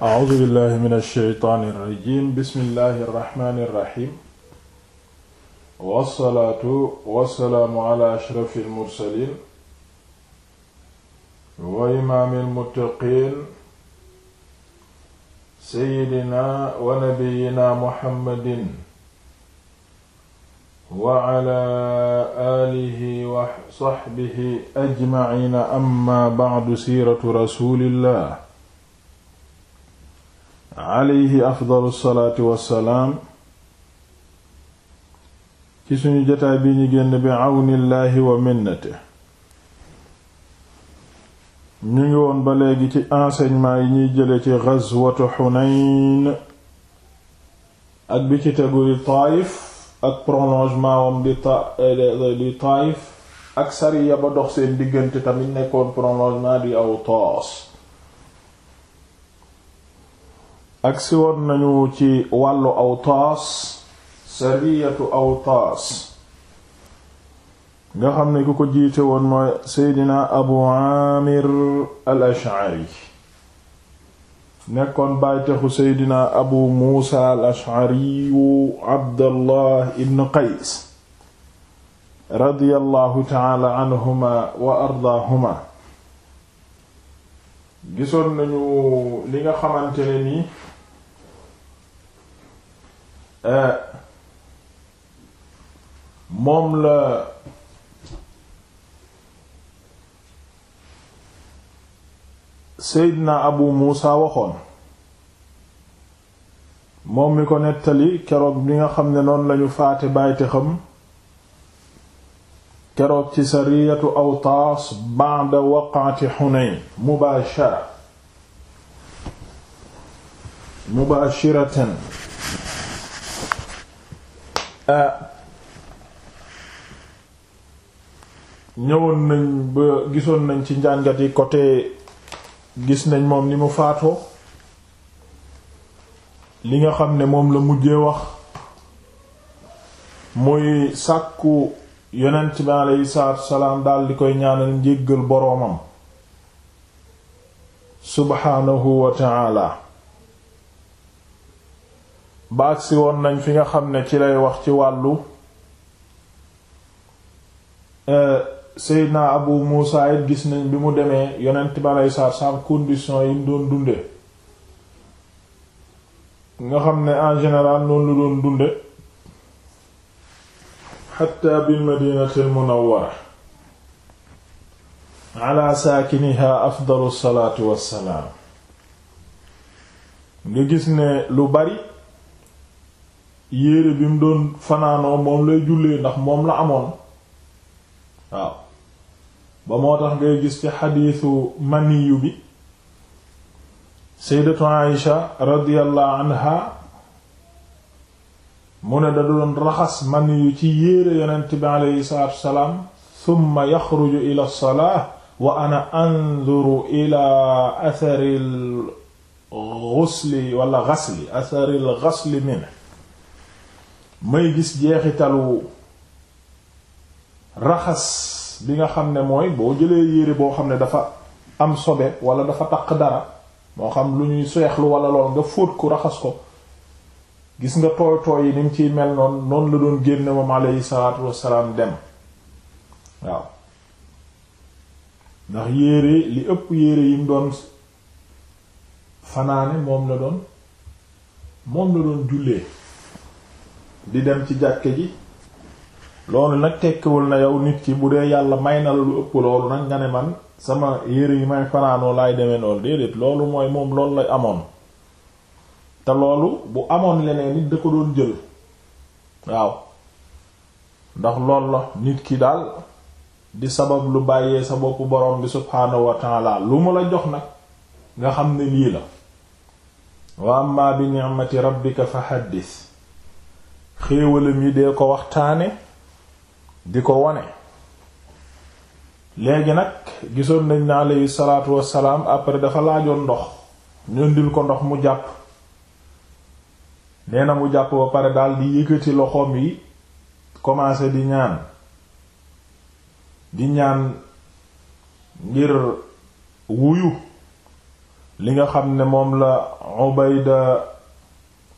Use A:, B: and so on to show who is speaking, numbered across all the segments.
A: a'uuzu billahi min ash-shaytaani rajiim bismillahi rahmaani rahiim wassalaatu wassalaamu ala ashrafi al-mursaliin wa imaami al-muttaqiin seydina wa nabiyina muhammadin wa ala aalihi wa sahbihi ajmaciina amma bacdu siiratu rasuulillah alayhi afdalu salaatu salaam ci suñu jotaay bi ñu génn bi àwnillaahi wa minnate ñu ngi woon ba léegi ci enseignement yi ñuy jële ci ghazwatu Hunayn ak bi ci tegu di Taayif ak prolongement wam di ta eh, ak sariya ba dox seen diggante tamit nekkoon prolongement di Awtaas agsi woon nañu ci wàllu Awtaas sariyatu Awtaas nga xam ne ku ko jiite woon mooy Seydina Abu Amir al-Ash'ari nekkoon bàytexu Seydina Abu Muusa al-Ash'ari Abdallah ibn Qays radiyallahu ta'ala anhuma wa ardaahuma gisoon nañu li nga xamante ne Euh, moom la Seydina Abu Muusa waxoon moom mi ko nettali keroog bi nga xam ne noonu lañu faate bàyte xam keroog ci sariyatu Awtaas ba'da waqaati Hunayn mubaashara mubaashiratan Euh, ñëwoon nañ ba gisoon nañ ci njàngat yi côté gis nañ moom ni mu faatoo li nga xam ne moom la mujjee wax muy sàkku yonent bi aleyhi salaatu salaam daal di koy ñaanal njéggal boroomam subhaanahu wa ta'ala baag si woon nañ fi nga xam ne ci lay wax ci wàllu euh, Seydina Abu Muusa it gis nañ bi mu demee yonent bi aleyhi salaatu salaam yi mu doon dunde nga xam ne en général noonu lu doon dunde xatta bil madinatil munawwara ala afdalu salaatu wassalaam nga gis ne lu bari yére bi mu doon fanaanoo moom lay jullee ndax moom la amoon waaw ba moo tax ngay gis ci xadiisu maniyu bi sayyidatu Aisha radiyallahu anha mu ne da doon raxas maniyu ci yére yonent bi aleyhi salaatu wassalaam thumma yaxruju ila salaa wa ana anzuru ila atharil ghusli wala ghasli atharil ghasli minhu may gis jeexitalu raxas bi nga xam ne mooy boo jëlee yére boo xam ne dafa am sobe wala dafa taq dara moo xam lu ñuy seexlu wala lool nga fóot ko raxas ko gis nga tooy tooy yi ni mu ciy mel noonu noonu la doon génne moom aleyhi salaatu wassalaam dem waaw ndax yére li ëpp yére yi mu doon fanaane moom la doon moom la doon jullee di dem ci jàkke ji loolu nag tekkiwul na yow nit ki bu dee yàlla may na la lu ëpp loolu nag nga ne man sama yére yi may fanaanoo laay demee noonu déedéet loolu mooy moom loolu lay amoon te loolu bu amoon leneen nit da ko doon jël waaw ndax loolu la nit ki daal di sabab lu bàyyee sa bopp borom bi subhaanahu wa taala lu mu la jox nag nga xam ni lii la wa amma bi ni'mati rabbika fa haddis xéewalam yi de ko waxtaane di ko wone léegi nag gisoon nañ ne aleyhi salaatu wassalaam après dafa laajoon ndox ñu indil ko ndox mu jàpp nee na mu jàpp ba pare dal di yëkkati loxoom yi commencé di ñaan di ñaan ngir wuyu li nga xam ne moom la Ubayda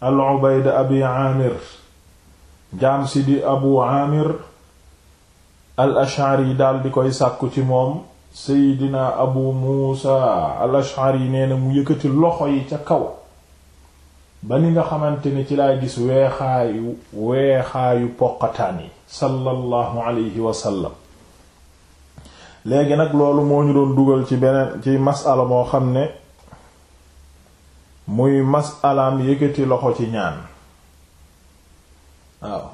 A: al Ubayda abi Amir jaam si di abu amir al ashari daal di koy sàkku ci moom seydina abu muusa al ashari nee na mu yëkkati loxo yi ca kaw ba ni nga xamante ne ci laa gis weexaayu weexaayu poqataan yi sallallahu alayhi wa sallam léegi nag loolu moo ñu doon dugal ci beneen ci masala moo xam ne muy masalaam yëkkati loxo ci ñaan waaw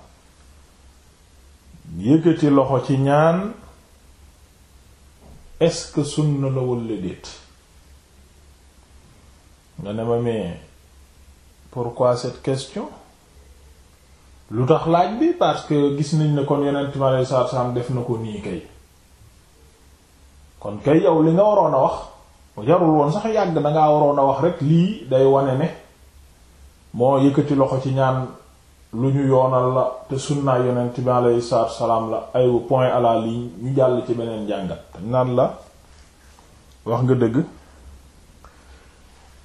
A: yëkkati loxo ci ñaan est-ce que sunna la walla déet nga ne ma mais pourquoi cette question lu tax laaj bi parce que gis nañ ne kon yonent mi aleyhi salaatu salaam def na ko nii kay kon kay yow li nga waroon a wax jarul woon sax yàgg na ngaa waroon a wax rek lii day wane ne moo yëkkati loxo ci ñaan lu ñu yoonal la te sunna yonent bi alayhi salaatu salaam la ay point à la ñu jàll ci beneen jàngat naan la wax nga dëgg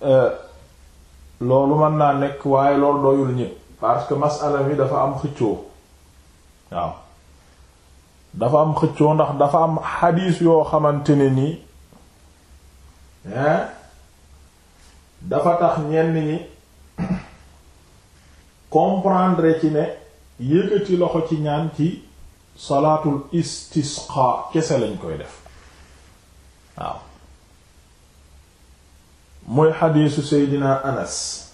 A: euh, loolu mën naa nekk waaye lool doyul ñépp parce que masala mi dafa am xëccoo waaw dafa am xëccoo ndax dafa am xadiis yoo xamante ne nii dafa tax ñenn ñi comprendre ci ne yëkkati loxo ci ñaan ci salaatul istisqa kese lañ koy def waaw mooy xadiisu seydina anas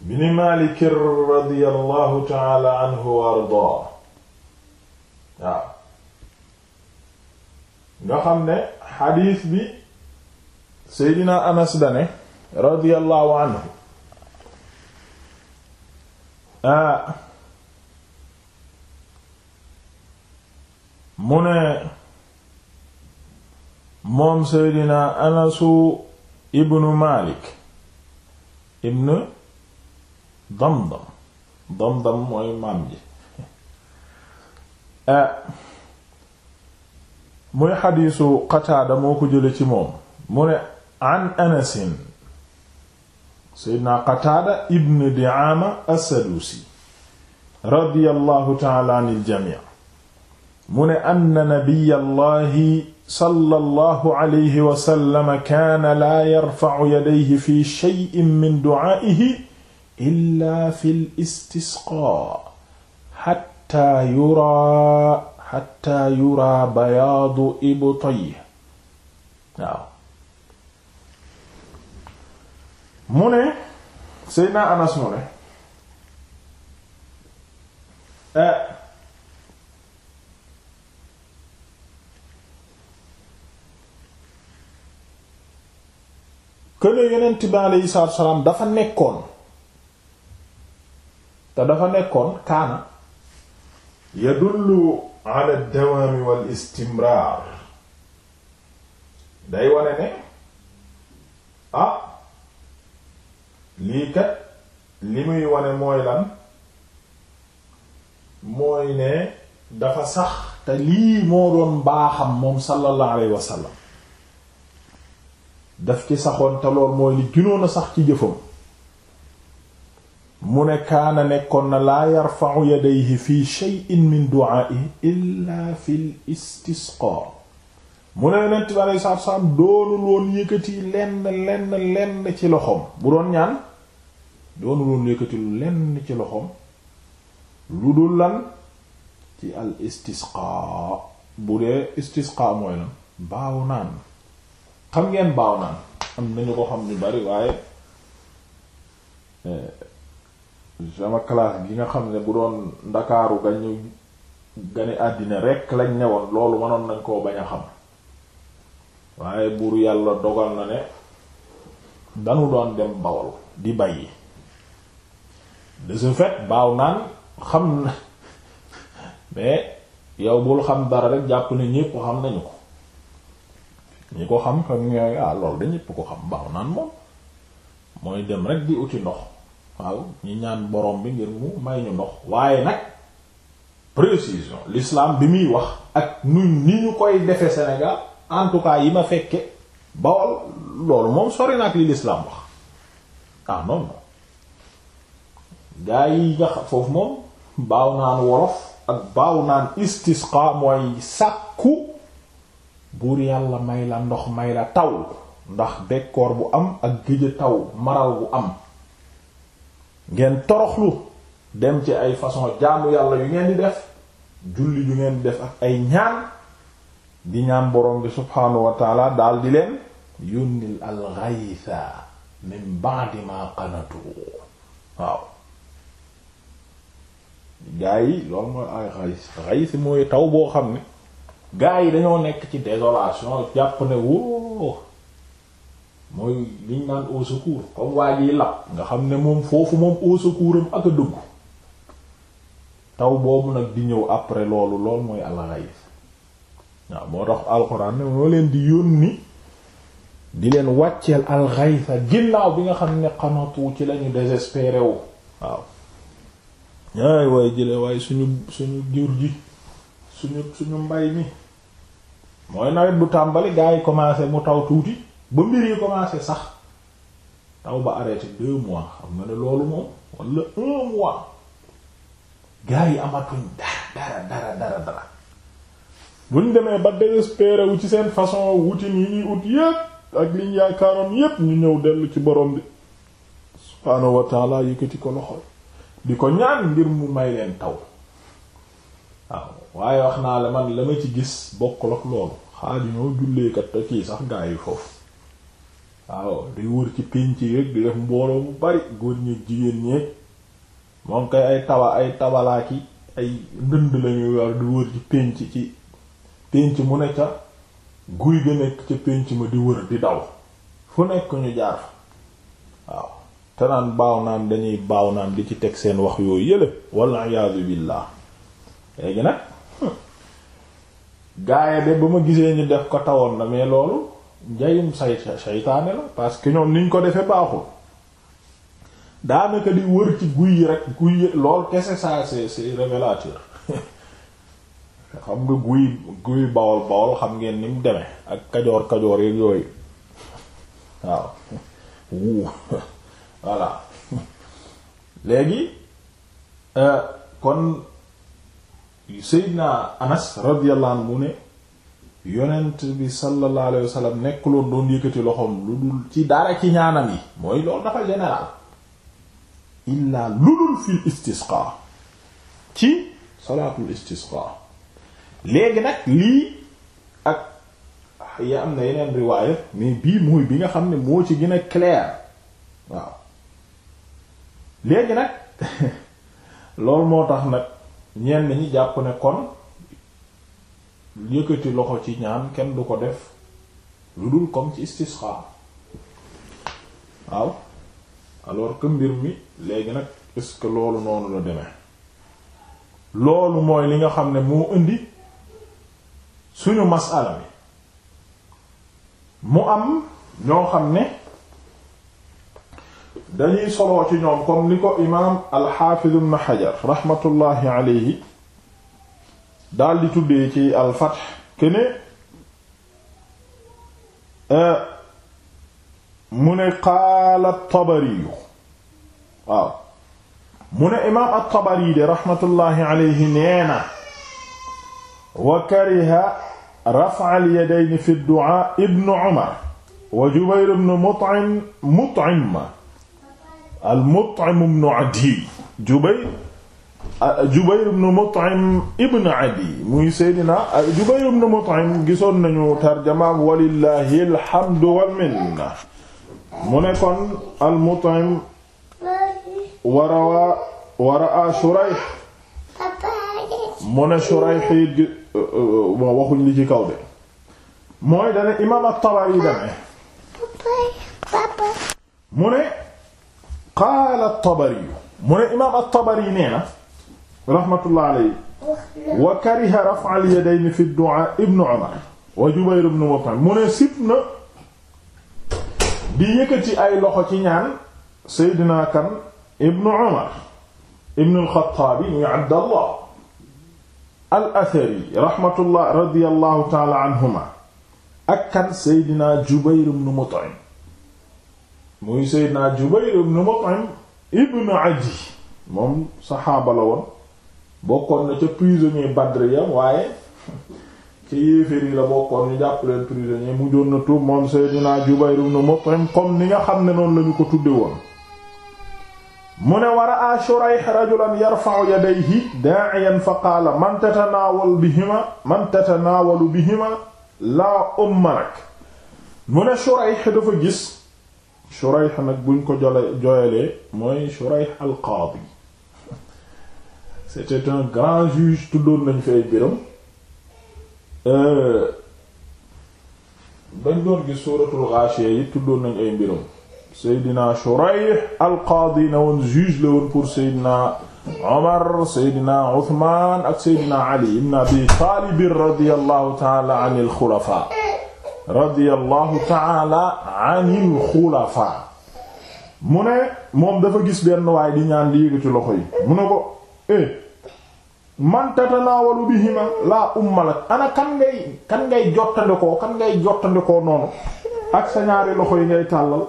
A: bini maalik radiyallahu taala anhu wa nga xam ne xadiis bi seydina anas dane radiyallahu anhu Ah. mu ne moom seydina anasu ibnu malik ibn damdam damdam mooy maam ji ah. muy xadiisu qataada moo ko jële ci moom mu ne anasin seydna qataada ibn diama assaduusi radiyallahu taala an iljami mu ne anna nabiyallahi sallallahu alayhi wa sallam kaana laa yarfacu yadayhi fi shay'in min ducaa'ihi illaa fil istisqaa xattaa yuraa xattaa yuraa bayaadu ibtayhi waaw mu ne Seydina Anas mu ne këne eh, yonent bi aleyhi salaatu wa salaam dafa nekkoon te dafa nekkoon kaana yadullu ala dawaami wal istimraar day wane ne ah lii kat li muy wane mooy lan mooy ne dafa sax te lii moo doon baaxam moom sallallahu alayhi wa sallam daf ci saxoon te lool mooy li gënoon a sax ci jëfam mu ne kaana nekkoon na laa yarfa'u yadayhi fi shay'in min du'a'ihi illa fil istisqa mu ne yonent bi aleyhi salaatu salaam doonul woon yëkkati lenn lenn lenn ci loxoom bu doon ñaan doonul woon yëkkati lenn ci loxoom lu dul lan ci al istisqa bu dee istisqa mooy lan baaw naan xam ngeen baaw naan am nañu ko xam ni bari waaye eh, sama classe gi nga xam ne bu doon ndakaaru ga gane àddina rekk lañ newoon loolu mënoon nañ koo bañ a xam waaye buur yàlla dogal na ne danu doon dem bawol di bàyyi de ce fait baaw naan xam na mais yow bul xam dara rek jàpp ne ñépp xam nañu ko ñi ko xam xam ñooy ah lool da ñépp ko xam baaw naan moom mooy dem rek di uti ndox waaw ñi ñaan borom bi ngir mu may ñu ndox waaye nag précision l'islam bi muy wax ak ñun ni ñu koy defe Sénégal en tout cas yi ma fekke Bawol loolu moom sori na ak li lislaam wax ah non non gaa yi nga xam foofu moom baaw naan wolof ak baaw naan istisqa mooy sàkku buur yàlla may la ndox may la taw ndax bekkoor bu am ak géej taw maral bu am ngeen toroxlu dem ci ay façon jaamu yàlla yu ngeen di def julli yu ngeen di def ak ay ñaan di ñaan borom bi subhaanahu wa daal di leen yónnil alxaysa min ba'di ma waaw gaa yi loolu mooy ay xays xays mooy taw boo xam ne gaa yi dañoo nekk ci désolation jàpp ne wóo mooy liñ naan au secours comme waa nga xam ne moom foofu moom au ak a dugg taw boobu nag di ñëw après loolu lool mooy alxays waaw moo tax alxuraan ne moo leen di yónni di leen wàcceel alxaysa ginnaaw bi nga xam ne xanatu ci lañu désespéré wu waaw ay waaye jële waaye suñu suñu jur ji suñu suñu mbay mi mooy nawet bu tàmbali gaa yi commencé mu taw tuuti ba mbir yi commencé sax taw ba arrêté deux mois xam nga ne loolu moom walla un mois gaa yi amatuñ dara dara dara dara buñ demee ba désespéré wu ci seen façon wutin yi ñuy ut yépp ak liñ yaakaaroon yépp ñu ñëw dellu ci borom bi subhaanahu wa taala yëkkati ko loxo di ko ñaan ngir mu may leen taw waaw waaye wax naa la man la ma ci gis bokkul ak loolu xaajuñoo julleekat te sax gaa yi foofu waaw di wër ci pénc yëg di def mbooloo bu bari góor ñeeg jigéen ñeeg moom kay ay tawa tabalaaki ay ndënd lañuy war di wër ci pénc ci pénc mu ne ca guy ga nekk ca pénc ma di wër di daw fu nekk ñu jaar waaw te naan baaw naan dañuy baaw naan di ci teg seen wax yooyu yële walla iyaatu billaah léegi nag gaaya de ba ma gisee ñu def ko tawoon na mais loolu njayum say saytaane la parce que ñoom niñ ko defee di wër ci lool kese xam nga guy guy bawol bawol xam ngeen ni mu demee ak kajoor kajoor yeeg yooyu waaw wuu voilà léegi euh, kon Seydina Anas radiyallahu anhu mu ne yonent bi sallallahu alayhi wasallam nekkuloon doon yëkkati loxoom lu dul ci dara ci ñaanam yi mooy loolu dafa général illaa lu dul fii istisqa ci salaatul istisqa léegi nag lii ak ya am na yeneen riwaaya mais bii mooy bi nga xam ne moo ci gën a clair waaw léegi nag loolu moo tax nag ñenn ñi jàpp ne kon yëkkati loxo ci ñaan kenn du ko def lu dul comme ci istisqa waaw alors que mi léegi nag est que loolu noonu la demee loolu mooy li nga xam ne moo indi suñu masala bi mu am ñoo xam ne dañuy soloo ci ñoom comme ni ko imaam alxaafiz ibn xajar raxmatullaahi aleyhi daldi tuddee ci alfath kene euh, mu ne qaala Tabari waaw mu ne imaam at-Tabari de raxmatullaahi aleyhi nee wa kariha raf'a al-yadayni fi ad-du'a ibn Umar wa Jubayr ibn Mut'im Mut'im al-Mut'im ibn Adi Jubayr Jubayr ibn Mut'im ibn Adi muy Seydina Jubayr ibn Mut'im gisoon nañu tarjamaam walillahi alhamdu wal minna mu nekkoon al-Mut'im wa rawa wa ra'a Shurayh mu ne Shurayhid gi euh, euh, waxuñ li ci kaw de mooy dane imaam at-Tabari dane mu ne qaala at-Tabari mu ne imaam at-Tabari nee na rahmatullah alayhi wa kariha raf' al-yadayni fi ad-du'a ibn Umar wa Jubayr ibn Mut'im mu ne sib na di yëkkati ay loxo ci ñaan Seydina kan ibn Umar ibn al-Khattabi muy Abdallah al athari rahmatullah radiyallahu taala anhuma ak kan seydina jubayr ibn mut'im muy seydina jubayr ibn mut'im ibn adi moom saxaaba la woon bokkoon na ca prisonnier Badr ya waaye ca yéeféer yi la bokkoon ñu jàpp leen prisonnier mu doon na tuub moom seydina jubayr ibn mut'im comme ni nga xam ne noonu lañu ko tudde woon mu ne war a Shurayh rajulan yarfa'u yadayhi daa'iyan fa qaala man tatanaawalu bihima man tatanaawalu bihima laa umma lak mu ne Shurayh dafa gis Shurayh nag buñ ko jole joyelee mooy Shurayh al-Qaadi c'était un grand juge tuddoon nañ fay biram euh, bañ doon gis suuratul Ghaashiya yi tuddoon nañ ay mbiram Seydina Shurayh al-Qaadi na woon pour Seydina Omar Seydina Ali ibn Abi Taalib radiyallahu ta'ala anil xulafaa radiyallahu ta'ala anil xulafaa mu ne moom dafa gis benn waay di ñaan di yëkkati loxo yi mu ne ko eh man tatanaawalu bihima laa ummalak ana kan ngay kan ngay kan ngay jottandikoo noonu ak sa ñaari loxo yi ngay tàllal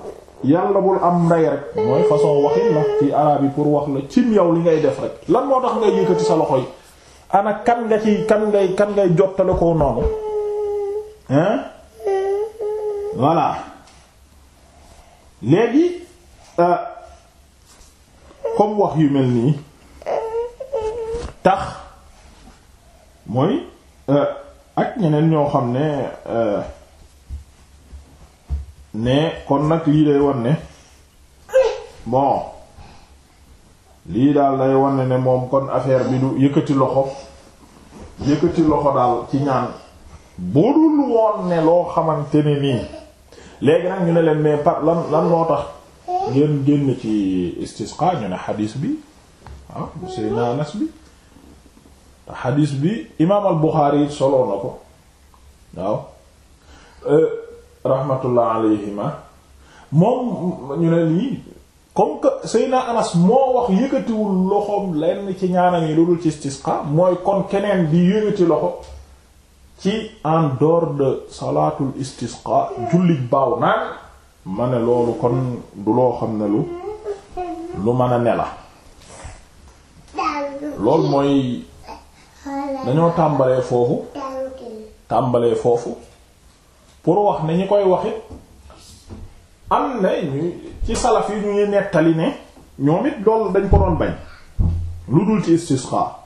A: yàlla bul am ndey rek mooy façon waxin la ci araab pour wax la cim yow li ngay def rek lan moo tax ngay yëkkati sa loxo kan nga ci kan ngay kan ngay jottale ko noonu hein voilà léegi euh, comme wax yu mel nii tax mooy euh, ak ñeneen ñoo xam ne euh, ne kon nag lii day wan ne bon lii daal day wan ne ne moom kon affaire bi du yëkkati loxo yëkkati loxo daal ci ñaan boo dul woon ne loo xamante ne nii léegi nag ñu ne leen mais par lan loo tax ngeen génn ci istisqa ñu ne xadiis bi ah bu Seydina bi te xadiis bi imaam al Buxaari it ko waaw euh, rahmatullah alayhima moom ñu ne lii comme que Seyna Anas moo wax yëkkatiwul loxoom lenn ci ñaanam yi lu dul ci istisqa mooy kon keneen bi yëkkati loxo ci en dehors de salaatul istisqa jullit baaw naan ma ne loolu kon du loo xam ne lu lu mën a ne la loolu mooy dañoo tàmbalee foofu tàmbalee foofu pour wax ne ñi koy wax it am na ñu ci salaf yi ñuy nettali ne ñoom it loolu dañ ko doon bañ lu dul ci istisqa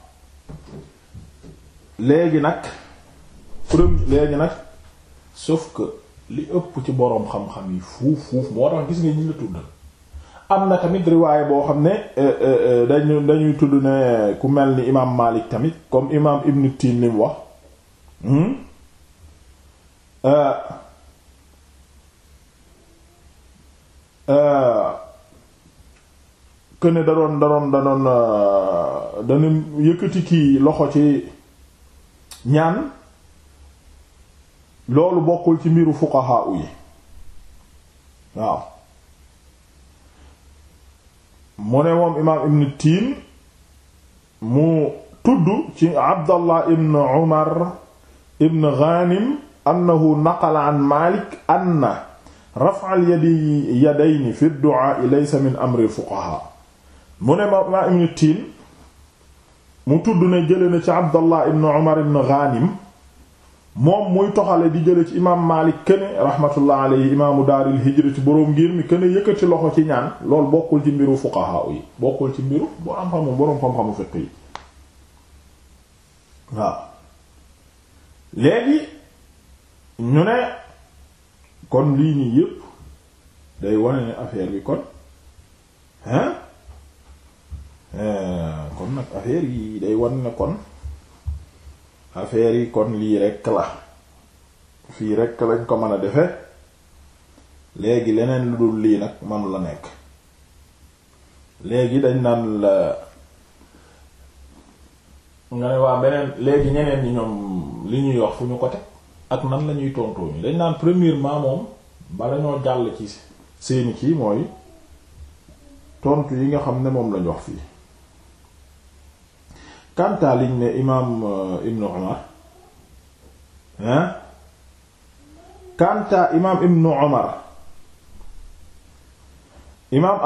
A: léegi nag premier léegi nag sof que li ëpp ci boroom xam-xam yi fuuf fuuf moo tax gis nga ñi la tuddal am na tamit riwaay boo xam ne euh, euh, euh, dañu dañuy tudd ne ku mel ni imaam Maalik tamit comme imaam Ibn Tin lim wax hmm? këne euh, euh, da doon da doon da doon euh, dana yëkkati kii loxo ci ñaan loolu bokkul ci mbiru fuqaha yi waaw mu ne moom imaam ibn tiin mu tudd ci abdallah ibn umar ibn ghanim annahu naqala an Maalik anna raf'al yadi yadayni fi du'aa laysa min amri fuqahaa mu ne ma ma ibnu tiin mu tudd ne jële na ci Abdallah ibn Umar ibn Ghanim moom muy toxale di jële ci imaam Maalik këne rahmatullah alayhi imaamu daaril hijra ci boroom ngir mi këne yëkkati loxo ci ñaan loolu bokkul ci mbiru fuqahaa yi bokkul ci mbiru bu am boroom xam-xamu yi waaw léegi ñu ne kon lii nii yépp day wane ne affaire yi kon hein euh, kon nag affaire yi day wane ne kon affaire yi kon lii rekk la fii rekk lañ ko mën a defe léegi leneen lu dul lii nag manu la nekk léegi dañ naan la nga ne waa beneen léegi ñeneen ñi ñoom li ñuy wax fu ñu ko teg ak nan la ñuy tontoo ni dañ naan premièrement moom bala ñoo jàll ci seeni kii mooy tontu yi nga xam ne moom lañ wax fii kantaa liñ ne imaam euh, ibnu Umar imaam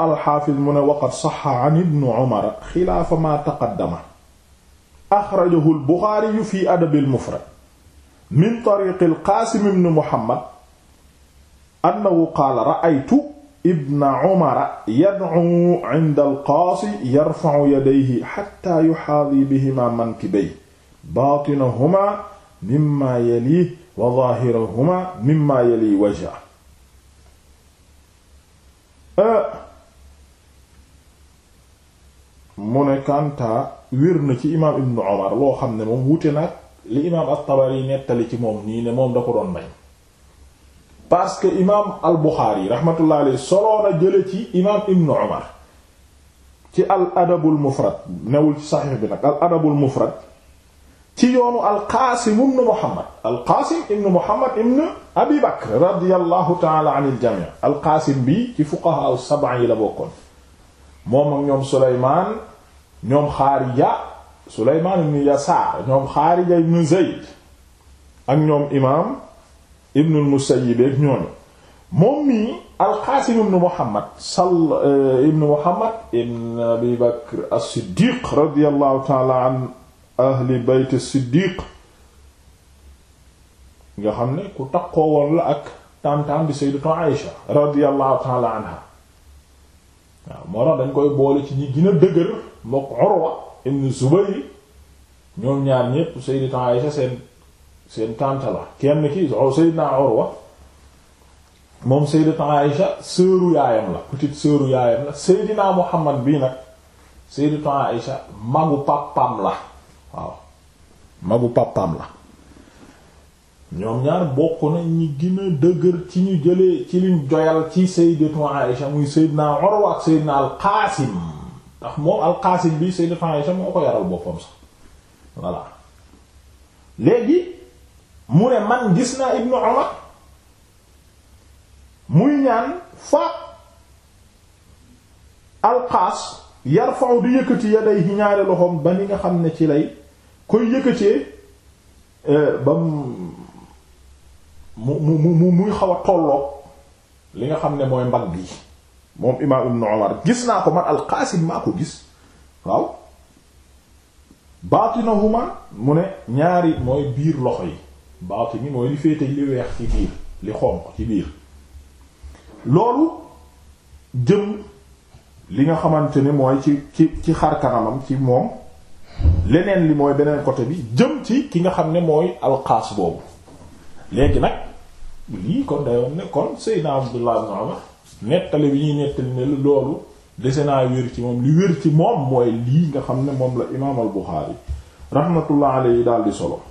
A: ibnu mu ne waqad saxa an ibnu Umar xilaafa taqaddama axrajahu al-Buxaari fi adabil mufrad min tariqi alqaasim ibn muhammad annahu qaala ra'aytu ibna umara yad'u 'inda alqaasi yarfa'u yadayhi hatta yuhaadhi bihimaa mankibayhi baatinahumaa mimmaa yaliihi wa zaahirahumaa mimmaa yaliihi wajhahu mu ne Kantaa wér na ci imaam ibn Umar loo xam ne moom wuute nag li imaam at-Tabari nettali ci moom nii ne moom da ko doon bañ parce que imaam al-Bukhari rahmatullah alayhi soloo na jële ci imaam Ibn Umar ci al adabul mufrad newul ci saxiix bi nag al adabul mufrad ci yoonu al-Qaasim ibn Muhammad al-Qaasim ibn Abi Bakr radiyallahu ta'ala anil al-Qaasim bi ci fuqaha as-sab'a yi la bokkoon moom ak ñoom Sulaymaan ñoom Xaarija Sulaymaan ibn Yasaar ñoom Xaarija ibn Zayd ak ñoom imaam ibn al-Musayyib ak ñooñu moom al-Qaasim ibn Muhammad sal eh, ibn Muhammad Abi Bakr as-Siddiq radiyallahu ta'ala an ahli bayt as nga xam ne ku takkoo woon la ak tantam bi sayyidatu Aïsha radiyallahu ta'ala anha moo tax koy boole ci ñi a dëgër mook Urwa ibn Zubayr ñoom ñaar ñépp Sayyidatu Aisha seen seen tante la kenn ki oh, Sayyidna Urwa moom Sayyidatu Aisha sœuru yaayam la petite sœuru yaayam la Sayyidina Muhammad bii nag Sayyidatu Aisha magu pàppam la waaw magu pàppam la ñoom ñaar bokk na ñi gën a dëgër ci ñu jëlee ci liñ joyal ci Sayyidatu Aisha muy Sayyidna Urwa ak Sayyidna al ndax moom alxaasim bi Sayyida Aïcha moo ko yaral boppam sax voilà léegi mu ne man gis naa Ibnu Umar muy ñaan fa alxaas yarfa'u di yëkkati yadayhi ñaari loxoom ba ni nga xam ne ci lay koy yëkkatee euh, ba mu mu mu muy xaw a tolloog li nga xam ne mooy mbagg yi moom imaam ibn Umar gis naa ko man alqaasim maa ko gis waaw baatinahuma mu ne ñaari mooy biir loxo yi baatini mooy li féete li weex ci biir li xonq ci biir loolu jëm li nga xamante ni mooy ci ci ci xar kanamam ci moom leneen li mooy beneen côté bi jëm ci ki nga xam ne mooy alxaas boobu léegi nag lii kon dayoon nekkoon kon Seydina Abdullah ibn Umar nettali bi ñuy nettali ne loolu dese naa wér ci moom li wér ci moom mooy lii nga xam ne moom la imaam al Buxaari rahmatullah alayhi daal di solo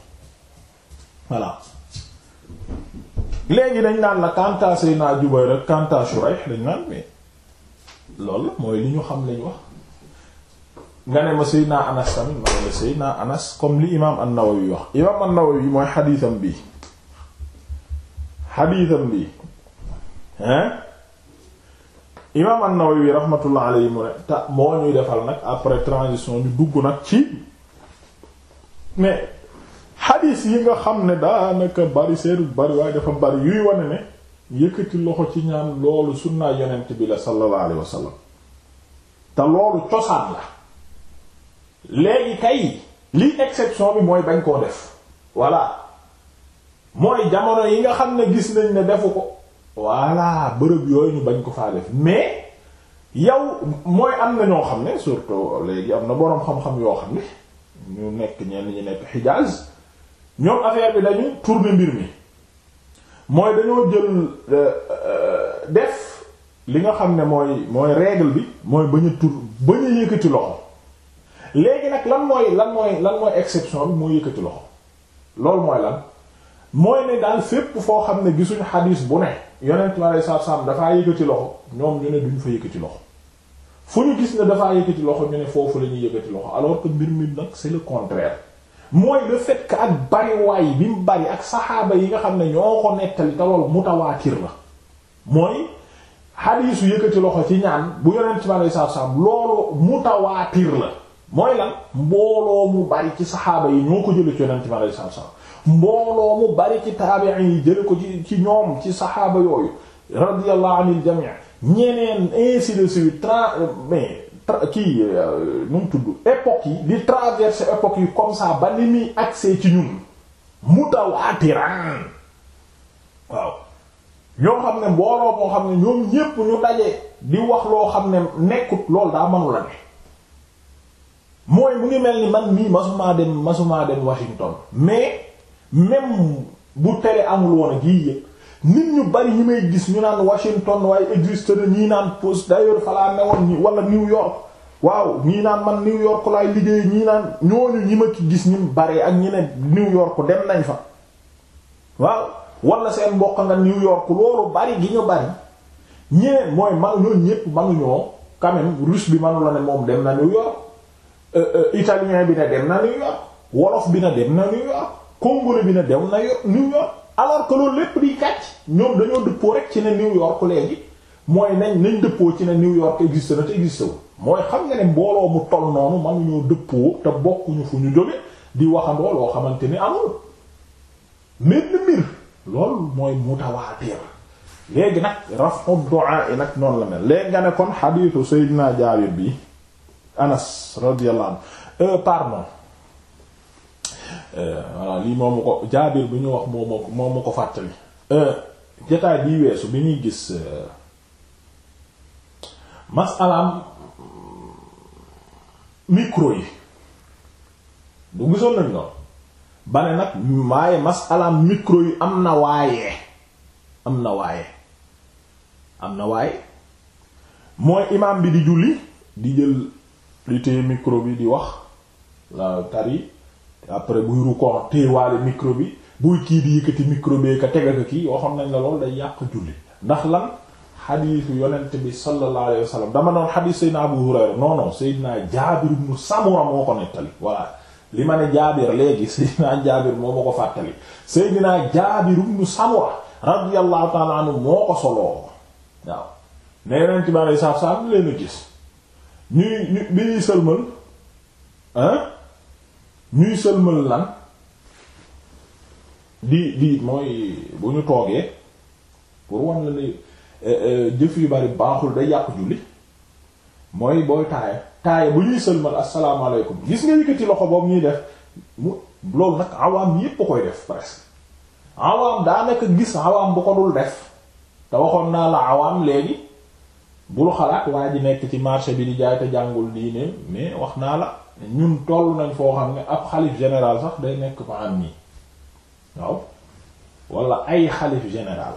A: voilà léegi dañ naan la kanta Seydina Jubayr rek kanta Shurayh dañ naan mais loolu mooy li ñu xam lañ wax nga ne ma Seydina Anas tamit ma ne la Seydina Anas comme li imaam an-Nawawi wax imaam an-Nawawi mooy xadiisam bi xadiisam bi hein imaam an-Nawawi rahmatullah alayhi mu ne te moo ñuy defal nag après transition ñu dugg nag ci mais xadiis yi nga xam ne daanaka bari seetu bari waaye dafa bari yuy wane ne yëkkati loxo ci ñaan loolu sunnaa yonent bi la sallallahu alayhi te loolu cosaan la léegi kay li exception bi mooy bañ koo def voilà mooy jamono yi nga xam ne gis nañ ne defu ko voilà bërëb yooyu ñu bañ ko faa def mais yow mooy am na ñoo xam ne surtout léegi am na boroom xam-xam yoo xam ne ñu nekk ñenn ñi nekk Hijaz ñoom affaire bi dañu tour bi mbir mi mooy dañoo jël euh, euh, def li nga xam ne mooy mooy règle bi mooy bañ a tur bañ a yëkkati loxo léegi nag lan mooy lan mooy exception bi moo yëkkati loxo loolu mooy lan. mooy ne daal fépp foo xam ne gisuñ xadiis bu ne yonent mi alei satu salaam dafaa yëkkati loxo ñoom ñu ne duñ fa yëkkati loxo fu ñu gis ne dafaa yëkkati loxo ñu ne foofu la ñuy yëkkati loxo alors que mbir mi nag c'est le contraire mooy le fait que ak bariwaay bi mu bari ak saxaaba yi nga xam ne ñoo ko nettali te loolu mutawaatir la mooy xadiisu yëkkati loxo ci bu yonent mi alei satu salaam loolu mutawaatir la mooy lan mbooloo mu bari ci saxaaba yi ñoo ko jële ci yonent mi alei satu mbooloo mu bari ci taabi'in yi jële ko ci ci ñoom ci saxaaba yooyu radiyallahu anil jami' ñeneen ainsi de suite tra mais kii euh, nu mu tudd époques yi di traverser époques yi comme ça ba li muy accès ci ñun mutawaatiran waaw ñoo xam ne mbooloo moo xam ne ñoom ñépp ñu daje di wax loo xam ne nekkut lool daa manula ne mooy mu ngi mel ni man mii masuma dem masuma dem Washington mais même bu télé amul woon ak yii yëpp nit ñu bari yi may gis ñu naan Washington waaye existe na ñii naan post d'ailleurs fa newoon ñi wala New York waaw ñii naan man New York laay liggéey ñii naan ñooñu ñi ma ci gis mu bari ak ñi ne New York dem nañ fa waaw wala seen mboq nga New York loolu bari gi ñu bari ñee mooy man ñooñu ñépp manuñoo quand même russe bi manu la ne moom dem na New York euh, euh, italien bi na dem na New York wolof bi ne dem na New York congolais bi ne dem na New York alors que loolu lépp di kàcc ñoom dañoo dëppoo rek ci ne New York léegi mooy nañ nañ dëppoo ci ne New York existe na te existe wu mooy xam nga ne mbooloo mu toll noonu mënuñoo dëppoo te bokkuñu fu ñu jóge di waxandoo loo xamante ni amul mét na mbir loolu mooy mutawaatir léegi nag rafu du'a yi nag noonu la mel léegi nga ne kon xadiitu Seydina Jaabir bi Anas radiyallahu anhu euh, pardon Euh, voilà lii moom ma ko jaabir bi ñu wax moom ma ko fàttali euh, jataay bii weesu bi ñuy gis euh, masalaam micro yi du gisoon nañ lool ba nag waaye masalaam micro yi am na waaye am na waaye am na waaye mooy imaam bi di julli di jël di téye micro bi di wax la tari après buy rukkoo téewaale micro bi buy kii di yëkkati micro bi ka yoo xam nañ la loolu day yàq julli ndax lan xadiisu yonent bi sallallahu alayhi wa dama noon xadiis Seydina Abu Hurayra non non Seydina Jaabir ibn Samura moo ko nettali voilà li ma ne Jaabir léegi Seydina Jaabir moo ma ko fàttali Seydina Jaabir ibn Samura radiyallahu ta'ala anhu moo ko soloo waaw ne yonent bi alayhi salaam leen a gis ñuy bi ñuy sëlmal ñuy sëlmal lan di di mooy bu ñu toogee pour wan la ni eh, eh, jëf yu bari baaxul day yàqu julli mooy booy taaya taaya bu ñuy sëlmal asalaamaaleykum gis nga yëkkati loxo boobu ñuy def mu loolu nag awaam yépp koy def presque awaam daa nekk gis awaam bu ko dul def te waxoon naa la awaam léegi bul xalaat waa ji nekk ci marché bi di jaay te jàngul diine mais wax naa la ñun toll nañ foo xam ne ab xalif général sax day nekk ma am nii waaw wala ay xalif général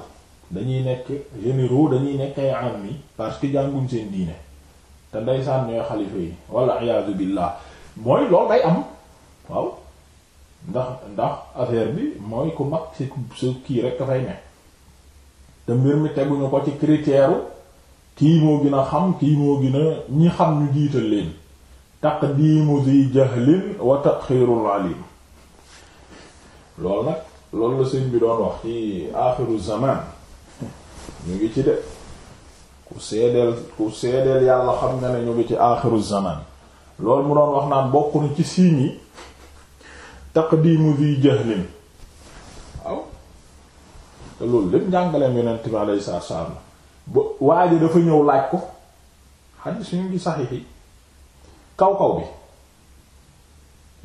A: dañuy nekk généraux dañuy nekk ay am nii parce que jànguñ seen diine te ndeysaan ñooy xalifa yi wala iyaadu billah mooy loolu day am waaw ndax ndax affaire bi mooy ku mag si kii rek dafay ne te mbir mi teguñu ko ci critère kii moo gën a xam kii moo gën ñi xam ñu jiital leen taqdiimu zi jahlin wa taxiirul alim loolu nag loolu la sëñ bi doon wax ci aaxiru zamaan mu ngi ci de ku seedeel ku seedeel yàlla xam nga ne ñu ngi ci aaxiru zamaan lool mu doon wax naan bokk na ci siiñ yi taqdiimu zi jahlin waaw te loolu lépp njàngaleem yonent bi alayhi salaatu wa salaam ba waaye dafa ñëw laaj ko xadiis ñu ngi saxiix kaw kaw bi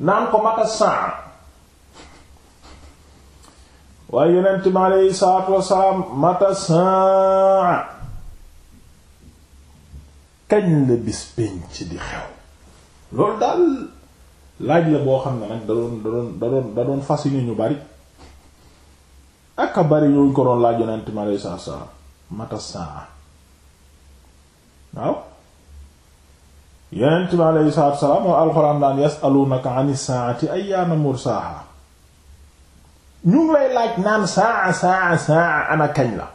A: naan ko mata saa waaye yonent mi aleyhi salaatu wasalaam mata kañ la bis pénc di xew loolu daal laaj la boo xam ne nag da doon da doon da doon da doon fasciné ñu bari ak a bari ñooñu ko doon laaj yonent mi aleyhi salaatu wasalaam mata waaw yonent bi aleyhi salaatu wasalaam moo alxuraan daan yasaluunaka ani saati ayyaana mursaaha ñu ngi lay laaj naan saa saa saa ana kañ la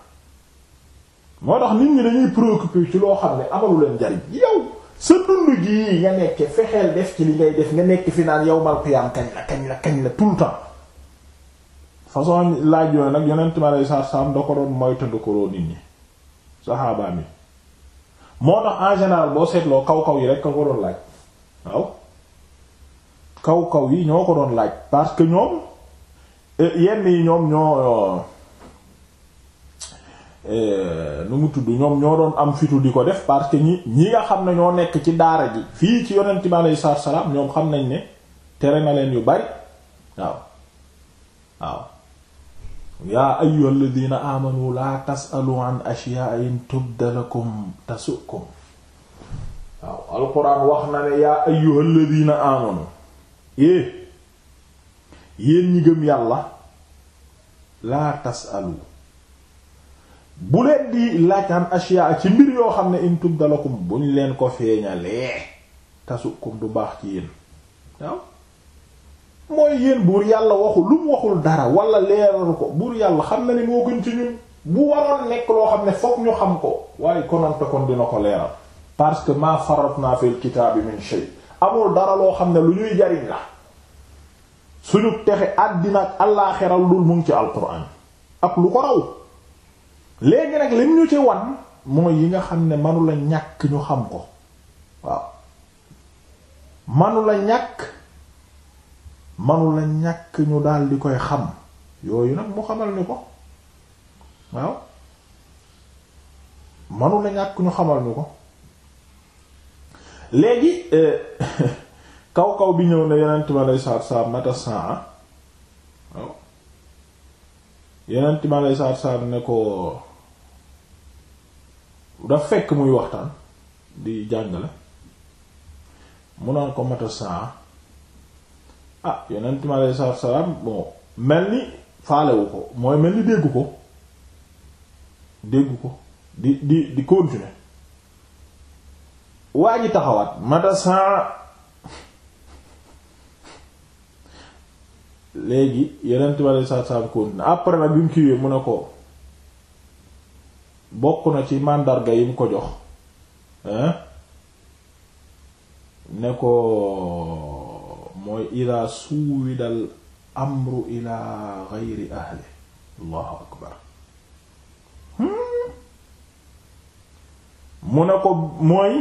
A: moo tax nit ñi dañuy préoccupé ci loo xam ne amalu leen njariñ yow sa dund gi nga nekke fexeel def ci li ngay def nga nekk fi naan yawmal qiyaam kañ la kañ la kañ la tout le temps façon laaj yooyu nag yonent bi aleyhi salaatu wasalaam da ko doon ko nit ñi saxaaba mi moo tax en général boo seetloo kaw-kaw yi rek ka ko doon laaj waaw kaw-kaw yi ñoo ko doon laaj parce que ñoom eh, yenn yi ñoom ñoo eh, nu mu tudd ñoom ñoo doon am fitu di ko def parce que ñi ñi nga xam na ñoo nekk ci daara ji fii ci yonent bi aleyhi salaatu salaam ñoom xam nañ ne tere a leen yu bari waaw waaw yaa ayyuhal ladina amanu laa tasalu an ashyaa in tubda lakum tasukum waaw alquran wax na ne yaa ayyuhal ladina amanu eh yéen ñi gëm yàlla laa tasalu bu leen di laaj an ashyaa ci mbir yoo xam ne in tubda lakum buñ leen ko feeñalee tasukum du baax ci yéen waaw mooy yéen buur yàlla waxu lu mu waxul dara wala leeral ko buur yàlla xam na ne moo gën ci ñun bu waroon nekk loo xam ne fokk ñu xam ko waaye kononte kon dina ko leeral parce que maa naa fil kitaabi min shay amul dara loo xam ne lu ñuy jariñ la suñu texe àddina ak allaaxira lul mu ci alquran ak lu ko raw léegi nag lim ñu ci wan mooy yi nga xam ne manula ñàkk ñu xam ko waaw manula ñàkk manu la ñàkk ñu daal di koy xam yooyu nag mu xamal ni ko waaw manu la ñàkk ñu xamal ni ko léegi euh, kaw kaw bi ñëw ne yonent bi aleyhi salaatu salaam mata saa waaw yonent bi aleyhi salaatu salaam ne ko daf fekk muy waxtaan di jàngale mu naan ko mata saa ah yonent mi aleyhi mel ni faalewu ko mooy mel ni dégg ko dégg ko di di di continuer waa ji taxawaat mata saa léegi yonent mi aleyhi salaatu continuer après nag bi mu mu ne ko bokk na ci màndarga yi mu ko jox ne ko mooy ida suwidal amru ila gayri ahli allahu akbar hmm? mu ne ko mooy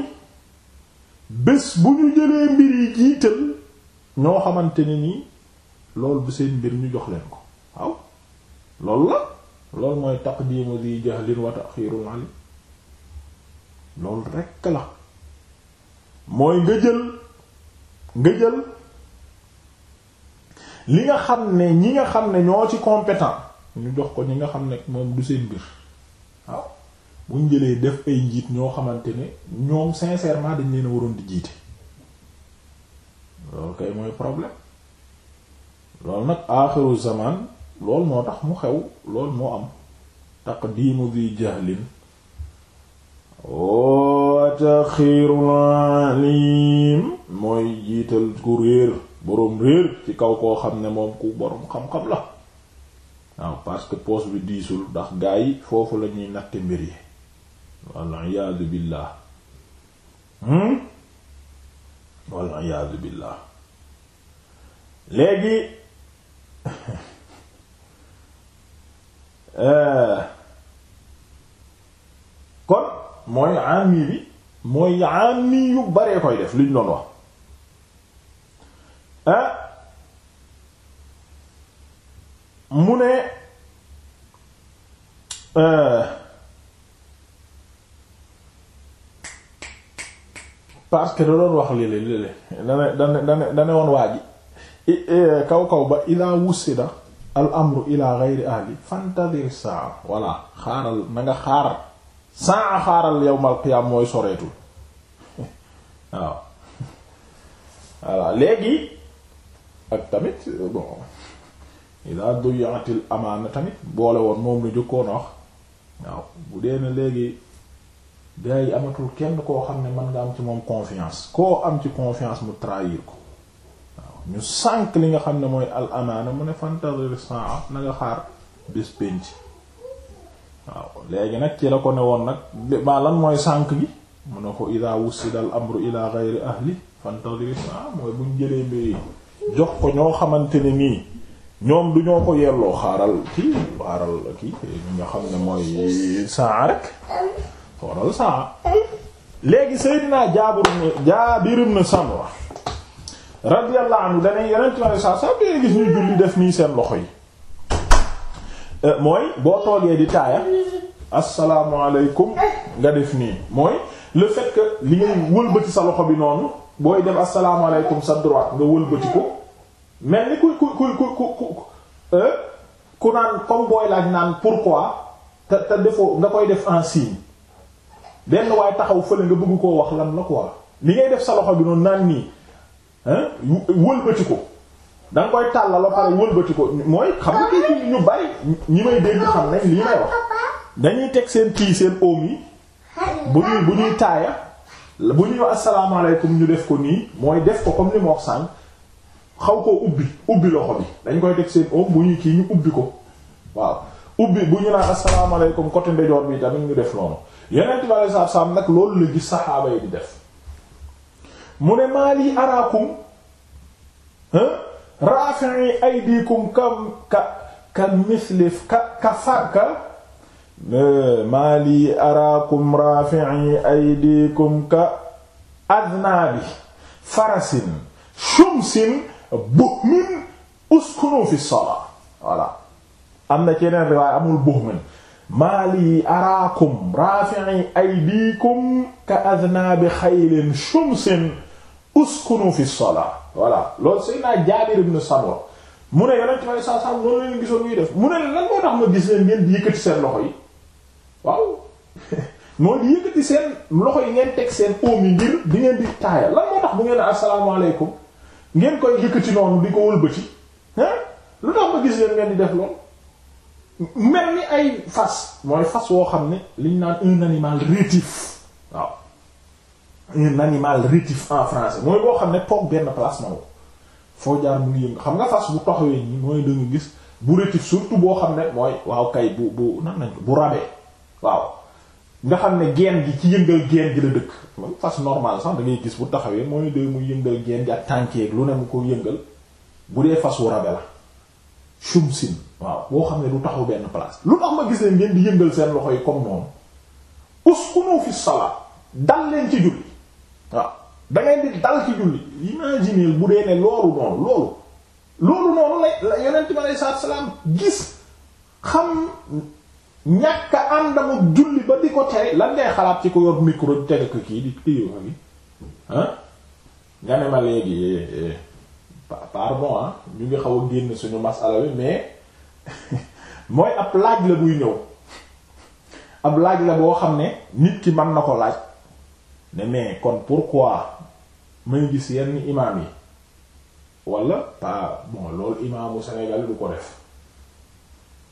A: bés bu ñu jëlee mbir yi jiital ñoo xamante ne ni lool bu seen mbir ñu jox leen ko waaw loolu la loolu mooy taqdimu di jahlin wa taxiirul alim loolu rekk la mooy nga jël nga jël li nga xam ne ñi nga xam ne ñoo ci compétent ñu jox ko ñi nga xam ne moom du seen mbir waaw buñ jëlee def ay njiit ñoo xamante ne ñoom sincèrement dañ leen waroon di jiite loolu kay mooy problème loolu nag aaxiru zaman loolu moo tax mu xew loolu moo am taqdimu di jahlin wa taxiirul alim mooy jiital ku boroom réer ci kaw koo xam ne moom ku boroom xam-xam la waaw parce que poste bi diisul ndax gaa yi foofu la ñuy natte mbir yi wal iyaadu billah hmm? léegi euh, kon mooy ami bi mooy ami yu baree koy def li ñu wax mu ne euh, parce que da doon wax léeg-léeg léeg-léeg dane dane dane dane woon waa ji kaw kaw ba ila wusida al amru ila ghayri xaaral na nga xaar saa xaaral mooy soreetul waaw voilà léegi ak tamit bon ida duyatil amaana tamit boole woon moom lu jëkkoon wax waaw bu dee ne léegi gars amatul kenn koo xam ne mën nga am ci moom confiance koo am ci confiance mu trahir ko waaw ñu sànq li nga xam ne mooy al amaana mu ne fantasir saa na nga xaar bés pénc waaw léegi nag ci la ko ne woon nag ba lan mooy sànq gi mu ne ko ida wussidal amru ila ghayri ahli fantasir saa mooy buñ jëlee mbir yi jox ko ñoo xamante ne nii ñoom du ñoo ko yelloo xaaral kii xaaral kii ñi nga xam ne mooy saa rek xooral saa léegi Seydina Jaabir Jaabir ibn Samura radiyallahu anhu dane yenent na sa sa bee gis ñu julli def nii seen loxo yi eh, mooy boo toogee di taaya assalaamu alaykum nga def nii mooy la fekk que li ngay wëlbati sa loxo bi noonu booy dem asalaamaaleykum sa droite nga wëlbati ko mel ni ku ku ku ku ku ku eh, naan comme booy laaj naan pourquoi te te defoo nga koy def en benn waaye taxaw fële nga bëgg koo wax lan la quoi li ngay def sa loxo bi noonu naan nii eh, wëlbati ko da nga koy tàllal ba pare wëlbati ko mooy xam nga kii ñu bari ñi may dégg xam nañ lii may wax dañuy teg seen tii seen oom yi bu ñuy bu ñuy taaya. bu ñuy wax asalaamaaleykum ñu def ko nii mooy def ko comme li mu wax sànq xaw koo ubbi ubbi loxo bi dañ koy teg seen oom bu ñuy kii ñu ubbi ko waaw ubbi bu ñu naan asalaamaaleykum côté ndejoor bi tamit ñu def noonu yeneen i wàllu saabsaab nag loolu la gis saxaaba yi di def mu ne maa lii araakum rafi'i aydikum kam ka ka misli ka ka maa lii araakum raafi'i aydiikum ka adnaabi farasin shumsin buhmin uskunu fi salaa voilà am na ci yeneen riwaay amul buhmin maa lii araakum raafi'i aydiikum ka adnaabi xaylin shumsin uskunu fi salaa voilà loolu Seydina Jaabir ibn Samura mu ne yeneen ci may saa saa noonu leen gisoon ñuy def mu ne lan moo tax ma gis leen ngeen di yëkkati seen loxo yi waaw mooy di yëkkati seen loxo yi ngeen teg seen oom yi ngir di ngeen di taaya lan moo tax bu ngeen asalaamaaleykum ngeen koy yëkkati noonu di ko wëlbati hein lu tax ma gis leen ngeen di def loolu mel ni ay fas mooy fas woo xam ne liñ naan un animal rétif waaw un animal rétif en français mooy boo xam ne toog benn place ma foo jaar mu ngi yëngu xam nga fas bu taxawee nii mooy da gis bu rétif surtout boo xam ne mooy waaw kay bu bu nan nañ bu rabee waaw nga xam ne geen gi ci yëngal geen gi la dëkk man fas normal sax da gis bu taxawee mooy dee mu yëngal geen gi ak tànkeeg lu ne mu ko yëngal bu dee fas wu rabe la shumsin waaw boo xam ne du taxaw benn place lu tax ma gis leen ngeen di yëngal seen loxo yi comme noonu uskunu fi salaat dal leen ci julli waaw da ngeen di dal ci julli imaginer bu dee ne loolu noonu loolu loolu noonu la la yonent bi aleyhi salaam gis xam ñàkk ànd ak julli ba di ko tere lan ngay xalaat ci ko yor micro di teg kii di téye ko ah nga ne ma léegi eh, eh, pardon ah ñu ngi xaw a génn suñu masala bi mais mooy ab laaj la buy ñëw ab laaj la boo xam ne nit ki mën na ko laaj ne mais kon pourquoi may gis yenn imaam yi wala pa bon loolu imaamu Sénégal du ko def.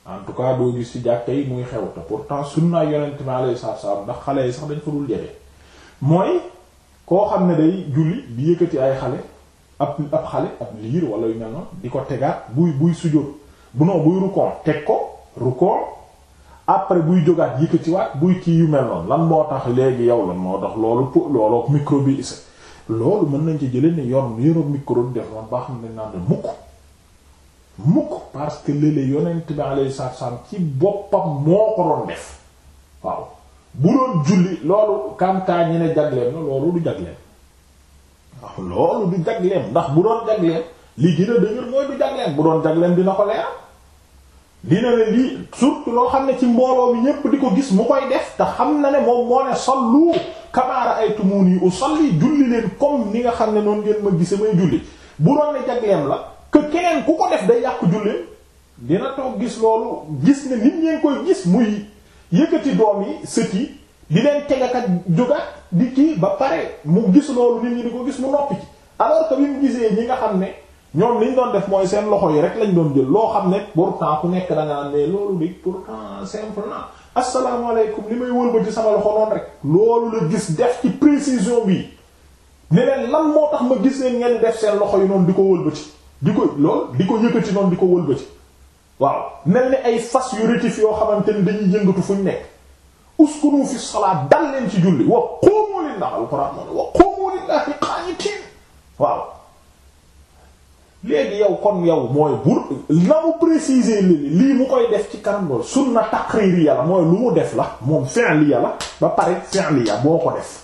A: en tout cas doo gis ci jàkka yi muy xew te pourtant sunna yonent mi alayhi salaam ndax xale yi sax dañ fa dul jege mooy koo xam ne day julli di yëkkati ay xale ab ab xale ab liir wala yu mel noonu di ko tegaat buy buy sujjóot bu non buy teg ko rukoon après buy jógaat yëkkatiwaat buy kii yu mel noonu lan moo tax léegi yow lan moo tax loolu po looloo micro bi loolu mën nañ ci jëlee ne yor yoroo micro bi def noonu baax na ne naan mukk mukk parce que léeg-léeg yonent bi alayhi salaatu salaam ci boppam moo ko doon def waaw bu doon julli loolu kantaa ñi ne jagleem la loolu du jagleem loolu du jagleem ndax bu doon jagleem li gën a dëgër mooy du jagleem bu doon jagleem dina ko leeral dina ne lii surtout loo xam ne ci mbooloo mi ñépp di ko gis mu koy def te xam na ne moom moo ne sallu kamaara ay tumuun yi u salli julli leen comme ni nga xam ne noonu ngeen ma gise may julli bu doon ne jagleem la que keneen ku ko def day yàq julleen dina toog gis loolu gis ne nit ñeen koy gis muy yëkkati doom yi sët yi di leen tegakat jógaat di kii ba pare mu gis loolu nit ñi di ko gis mu noppi ci alors que bi mu gisee ñi nga xam ne ñoom liñ doon def mooy seen loxo yi rek lañ doon jël loo xam ne pourtant ku nekk da ngaa ne loolu de pourtant simple na asalaamaaleykum li may wëlbati sama loxo noonu rek loolu la gis def ci précision bi ne leen lan moo tax ma gis leen ngeen def seen loxo yi noonu di ko wëlbati di ko lool di ko yëkkati noonu di ko wëlbati waaw mel ni ay fas yu rétif yoo xamante ni dañuy yëngatu ñu nekk uskunu fi salaat dal ci julli wa qumu lillahi alquran moom wa qumu lillahi yow kon yow mooy bur na mu préciser li lii mu koy def ci kanam loolu sunna taqririya la mooy lu mu def la moom fi'liya la ba pare fi'liya boo ko def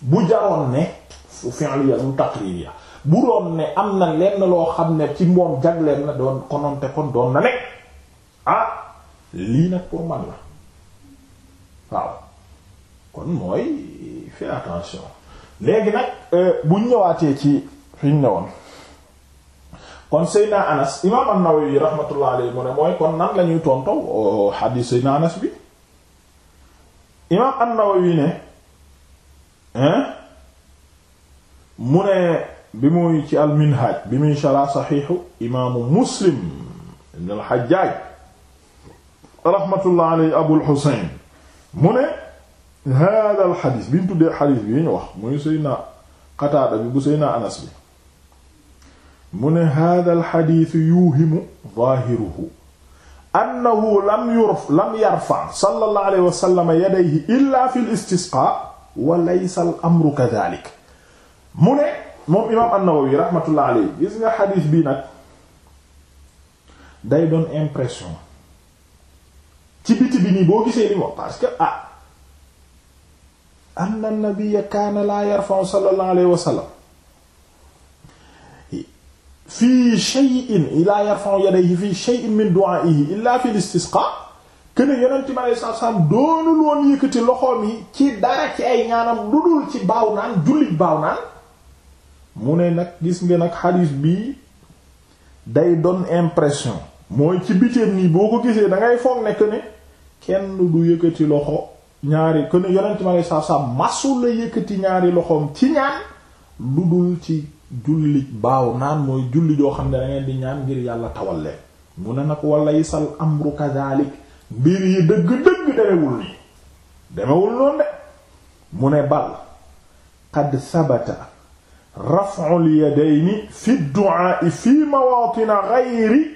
A: bu jaroon ne fi'liya lu taqririya bu doon ne am na lenn loo xam ne ci moom jagleen la doon konoonte kon doon na nekk ah lii nag pour man la waaw kon mooy fais attention léegi nag euh, buñ ñëwaatee ci fiñ ne woon kon Seydina Anas imaam an-Nawawi rahmatullah alayhi mu ne mooy kon nan la ñuy tontaw xadiis euh, Seydina Anas bi imaam an-Nawawi ne mu ne bi muy ci alminhaj bi muy sharh saxiixu imaamu muslim ibn alxajjaaj rahmatullah alayhi abul xusayn mu ne hada alxadis bi ñu tuddee xadis bi ñu wax muy sayna qataada bi bu sayna anas bi mu ne hada alxadis yuuhimu zaahiruhu annahu lam yurf lam yarfa sallallahu alayhi wa sallam yadayhi illa fi al istisqa wa laysa al amru kadhalik mu ne moom imaam an-Nawawi rahmatullah gis nga xadiis bi nag day doon impression ci biti bi nii boo gisee li mo parce que ah anna an-nabiyya kaana laa yarfa'u sallallahu alayhi wa sallam fii shay'in laa yarfa'u yadayhi fii shay'in illaa fil istisqa kene yonent bi alei satu salaam doonul woon yëkkati yi ci dara ci ay ñaanam lu dul ci baaw naan jullit baaw naan mu ne nag gis nga nag xadiis bii day donne impression mooy ci bitéem nii boo ko gisee dangay ngay foog ne que ne kenn du yëkkati loxo ñaari que ne yonent ma lay saa saa masu la yëkkati ñaari loxoom ci ñaan lu dul ci julli baaw naan mooy julli joo xam ne da di ñaan ngir yàlla tawal leen mu ne nag wala yisal amru kazalik mbir yi dëgg-dëgg demewul nii demewul noonu de mu ne bal qad sabata raf'ul yadayni fi du'aa'i fi mawaatina ghayri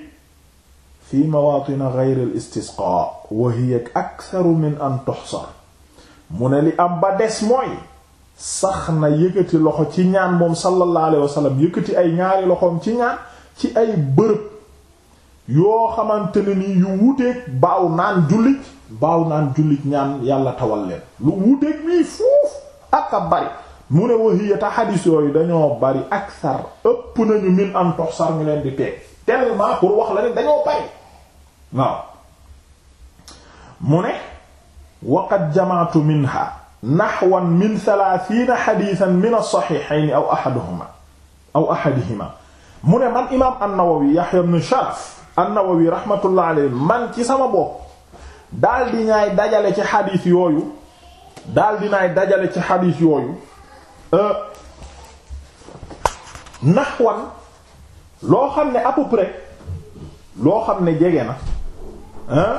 A: fi mawaatina ghayri al-istisqaa wa hiya aktharu min an tuhsar mu ne li am ba des mooy sax na yëkkati loxo ci ñaan moom sallallahu alayhi wa yëkkati ay ñaari loxoom ci ñaan ci ay bërëb yoo xamante ne ni yu wuuteeg baaw naan jullit baaw naan jullit ñaan yàlla tawal leen lu wuuteeg mii fuuf ak bari mu ne wahiya ta yooyu dañoo bari aksar ëpp nañu min an toxsar ñu leen di teg tellement pour wax la ne dañoo bari waaw mu ne waqad jamaatu minha naxwan min thalaathiina xadiisan min as-saxiixayni aw axaduhuma aw axadihima mu ne man imaam an-Nawawi Yaxya ibn Sharaf an-Nawawi man ci sama bopp dal di dajale ci xadiis yooyu daal di dajale ci xadiis yooyu Euh, naxwan loo xam ne à près loo xam ne jege na ah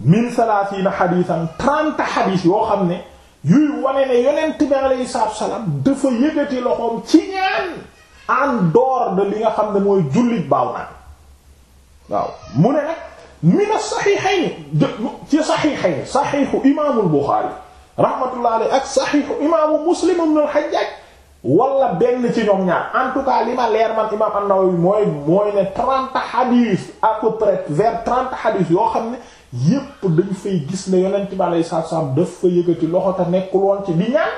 A: min salaasiina xadiisan trente xadiis yoo xam ne yuy wane ne yonent bi alayhi salaatu wassalaam dafa yëgati loxoom ci ñaan en dehors li nga xam ne mooy jullit baaw naan waaw mu ne nag mina saxiixayni ci saxiixayni saxiixu imaamul Buxaari rahmatullah alayhi ak saxiixu imaamu muslim ibn al-Hajjaj wala benn ci ñoom ñaar en li ma leer man imaam an-Nawawi mooy mooy ne trente hadith à peu près vers trente yoo xam ne yépp dañ fay gis ne yonent bi alayhi salaatu salaam daf fa yëkkati loxo te nekkul woon ci di ñaan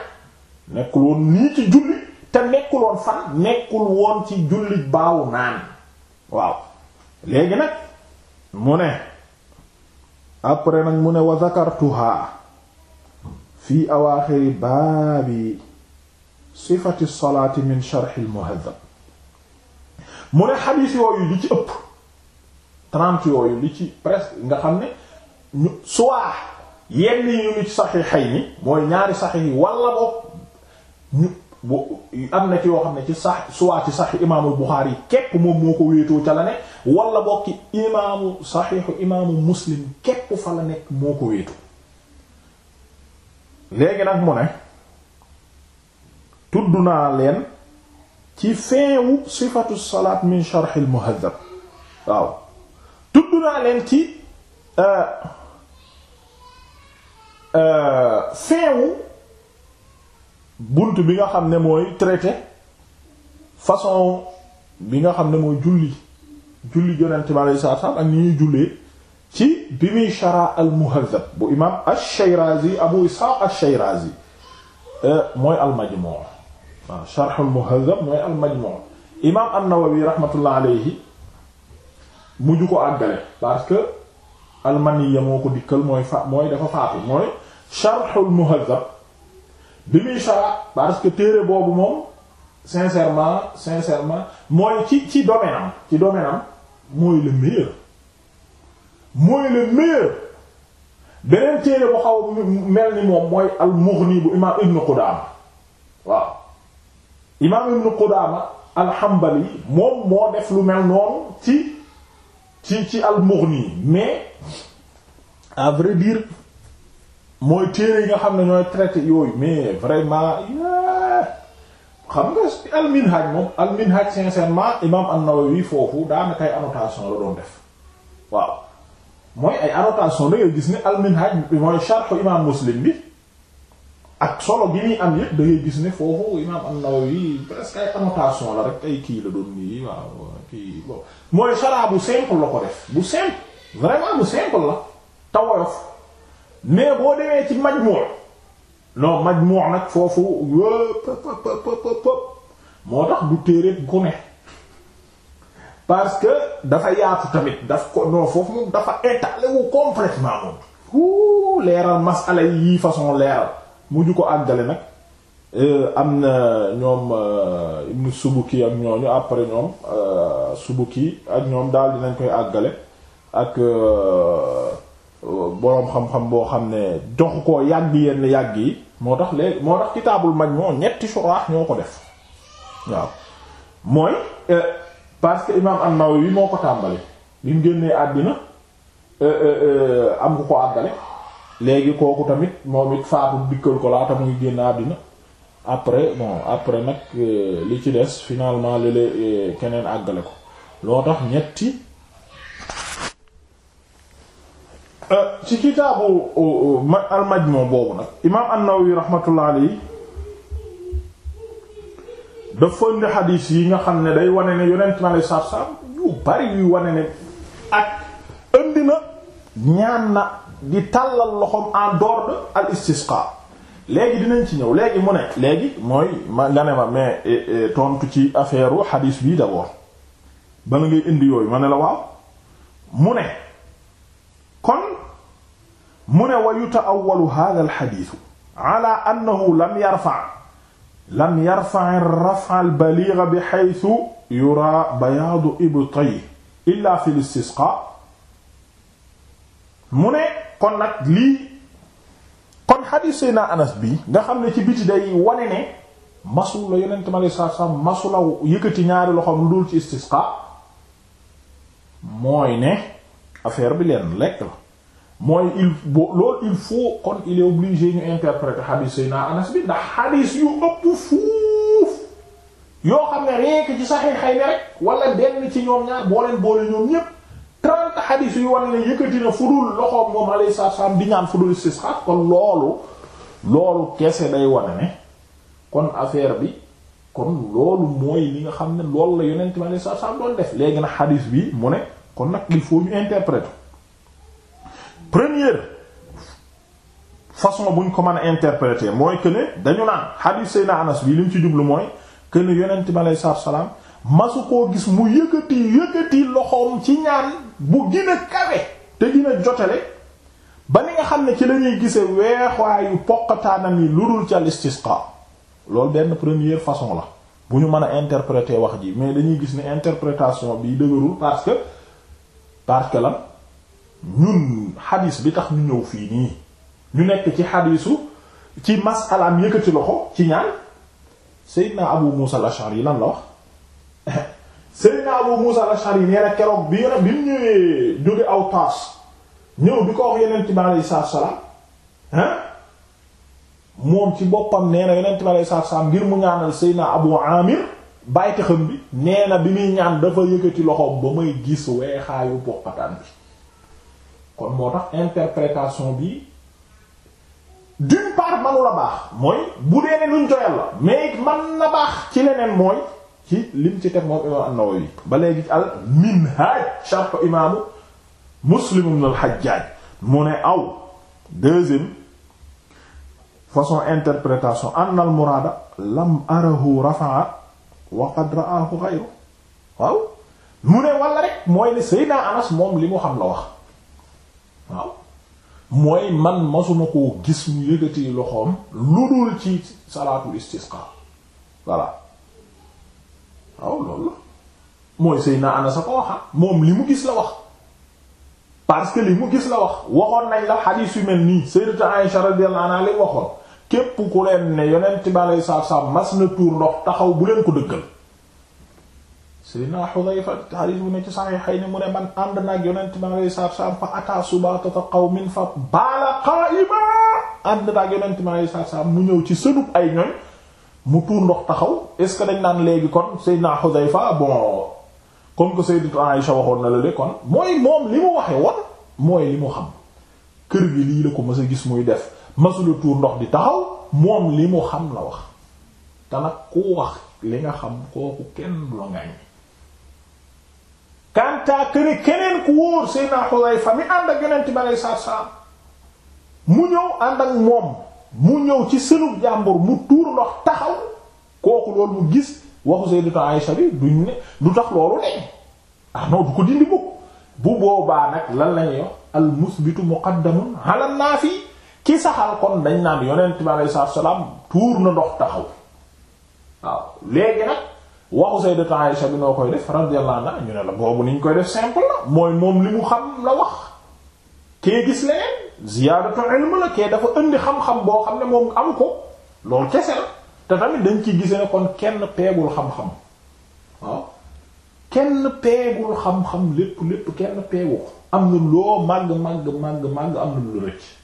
A: nekkul woon nii ci julli te nekkul woon fan nekkul woon ci julli baawu naan waaw léegi nag mu ne après nag mu ne wa zakartuha fi awaaxiri baabi sifati salaati min sharxil muhaddab mu ne xadiis yooyu li ci ëpp trente yooyu li ci presque nga xam ne ñu soit yenn yi ñu ci saxiixay mooy ñaari saxiix yi wala am na ki yoo xam ne ci sax soit ci saxiix imaamul Buxaari képp moom moo ko wéetoo ca la ne wala boog ci imaamu saxiixu imaamu muslim képp fa nekk moo ko wéetoo léegi nag mu ne tudd naa leen ci feewu sifatu salaat min sharh al muhaddab waaw tudd naa leen ci euh, euh, feewu bunt bi nga xam ne mooy traité façon bi nga xam ne mooy julli julli yonent bi alayhi salaatu ak ni ñuy jullee ci bi muy shara al muhazzab bu imam ash-shayrazi abu ishaq ash-shayrazi euh, mooy al majmu' waaw sharh mooy al majmu' imam an-nawawi rahmatullah alayhi mujj ko àggale parce que al maniyya moo ko dikkal mooy fa mooy dafa faatu mooy sharh al bi muy shara parce que téere boobu moom sincèrement sincèrement mooy ci ci domaine ci domaine mooy le meilleur mooy le meilleur beneen téere bu xaw mel ni moom mooy al Mughni bu imaam Ibn Qudaama waaw imaam Ibn Qudaama al moom moo def lu mel noonu ci ci ci al Mughni mais à vrai dire mooy téere yi nga xam ne ñooy traité yooyu mais vraiment xam nga al Minhaj moom al Minhaj sincèrement imaam an-Nawawi foofu daanakay annotation la doon def waaw. mooy ay annotation da ngay gis ne alminhaj mooy sharh imam muslim bi ak solo bi ñuy am yëpp dangay gis ni foofu imam an-Nawawi presque ay annotation la rek ay kii la doon nii waaw kii bon mooy sharh bu simple la ko def bu simple vraiment bu simple la te mais boo demee ci majmu' non majmu' nag foofu pëpp pëpp pëpp moo tax du téere gu ne parce que dafa yaatu tamit daf ko non foofu moom dafa étalé wu complètement moom wuu leeral masala yi façon leeral mujj ko àggale nag euh, am na ñoom euh, ibnu Subuki ak ñooñu après ñoom euh, Subuki ak ñoom daal dinañ koy àggale ak boroom xam-xam boo xam ne jox ko yàgg yenn yàgg yi moo tax léegi moo tax kitaabul Majmu ñetti shurah ñoo ko def waaw mooy parce que imaam an-Nawawi moo ko tàmbali bi mu génnee àddina euh, euh, euh, am ku ko àggale léegi kooku tamit moom it faatu dikkal ko laata mu ngi génn àddina après bon après nag li ci des finalement lële keneen àggale ko loo tax ñetti ci kitaabu al majmu boobu nag imaam an-Nawawi rahmatullah dafa indi xadiis yi nga xam ne day wane ne yonent ma lay saab-saab yu bari yuy wane ne ak indi na ñaan na di tàllal loxoom en dehors de al istisqa léegi dinañ ci ñëw léegi mu ne léegi mooy ma nga ne ma mais eh, eh, tontu ci affaire u xadiis bii d'abord bala ngay indi yooyu ma ne la waaw mu ne kon mu ne wa yuta'awwalu hadha al hadith ala annahu lam yarfa' lam yarfa'i rafa al-baligha bi haythu yura bayaadu ibtayhi illa fi al-istisqa mu ne kon nag lii kon xadiis Seydina Anas bi nga xam ne ci biti day wane ne masula yonent mi alayhi salaatu salaam masula yëkkati ñaari loxo lu dul ci istisqa mooy ne affaire bi leen lekk mooy il faut loolu il faut kon il est obligé ñu interpréter xadiis Seydina Anas bi ndax xadiis yu ëpp fuuf yoo xam ne rekk ci saxiixay ne rek wala denn ci ñoom ñaar boo leen boole ñoom ñépp trente xadiis yu war ne yëkkati na fudul loxoom moom alayhi salaam di ñaan fudul istisqa kon loolu loolu kese day wane ne kon affaire bi kon loolu mooy li nga xam ne loolu la yonent mi alayhi sax doon def léegi na xadiis bi mu ne kon nag il faut ñu interpréter. première façon bu ñu ko mën a interpréter mooy que ne dañu naan hadith na Anas bii li mu ci jublu mooy que ne yonent bi aleyhi salaam masu koo gis mu yëkkati yëkkati loxoom ci ñaan bu gën a kawe te gën jotale ba ni nga xam ne ci lañuy gise gisee weexwaayu poqataanam yi lu dul ci al istisqa loolu benn première façon la bu ñu mën a interpréter wax ji mais dañuy gis ni interprétation bi dëgërul parce que parce que la ñun xadiis bi tax ñu ñëw fii nii ñu nekk ci xadisu ci masalaam yëkkati loxo ci ñaan Seydina Abu Musa al-Ash'ari lan la wax Seydina Abu Musa al-Ash'ari nee keroog bi yore bi mu ñëwee jóge aw taas ñëw bi ko wax Yonent bi alayhi salaam ah moom ci boppam nee na Yonent bi salaam ngir mu ñaanal Seydina Abu Amir bàyyi xam bi nee na bi muy ñaan dafa yëkkati loxo ba may gis weexaayu bokkataan bi. kon moo tax interprétation bi d'une part manu la baax mooy bu dee ne luñ joyal la mais man na baax ci leneen mooy ci lim ci teg moom imaam an-Nawawi ba léegi ci al minhaj sharh imaamu Muslim ibn al-Hajjaj mu ne aw deuxième façon interprétation anna al-muraada lam arahu rafa'a wa qad ra'ahu waaw mu ne walla rek mooy ne Seydina Anas moom li mu xam la wax waaw mooy man masuma ko gis mu yëkkati loxoom lu dul ci salaatul istisqa voilà waaw loolu la mooy Seydina Anas a ko waxa moom li mu gis la wax parce que li mu gis la wax waxoon nañ la xadiis yu mel nii Sayyidatu Aïsha radiyallahu anha li waxoon képp ku leen ne yonent bi aleyhi salaatu mas na tuur ndox taxaw bu leen ko dëggal Seydina Xudayfa xadiis bu ne ci saxiixayni mu ne man ànd naag yonent bi alayhi salaatu salaam fa ataa subaatata qawmin fa baala qaa'ima ànd naag yonent bi alayhi salaatu salaam mu ñëw ci sënub ay ñoñ mu tuur ndox taxaw est-ce que dañ naan léegi kon Seydina Xudayfa bon comme que Sayyidatu Aïsha waxoon na la de kon mooy moom li mu waxe woon mooy li mu xam kër gi lii la ko mës a gis muy def masula tuur ndox di taxaw moom li mu xam la wax te nag ku wax li nga xam kenn kanta këne keneen ku wóor Seydina Xudayfa mi ànd ak yonent bi aleyhi salaatu salaam mu ñëw ànd ak moom mu ñëw ci sënub jàmbur mu tuur ndox taxaw kooku loolu mu gis waxu Sayyidatu Aisha bi duñ ne du tax loolu ne ah du ko dindi mukk bu boobaa nag lan lañuy wax al musbitu muqaddamun ala ki saxal kon dañ naan yonent bi aleyhi salaatu salaam tuur na ndox taxaw waaw léegi nag waxu Sayyidatu Aisha bi noo koy def laa anha ñu ne la boobu niñ koy def simple la mooy moom li mu xam la wax kee gis leneen ziyaadatu ilm la kee dafa indi xam-xam boo xam ne moom am ko loolu kese la te tamit dañ ci gise ne kon kenn peegul xam-xam waaw ah. kenn peegul xam-xam lépp lépp kenn peegu am na loo màgg màgg màgg màgg am na lu rëcc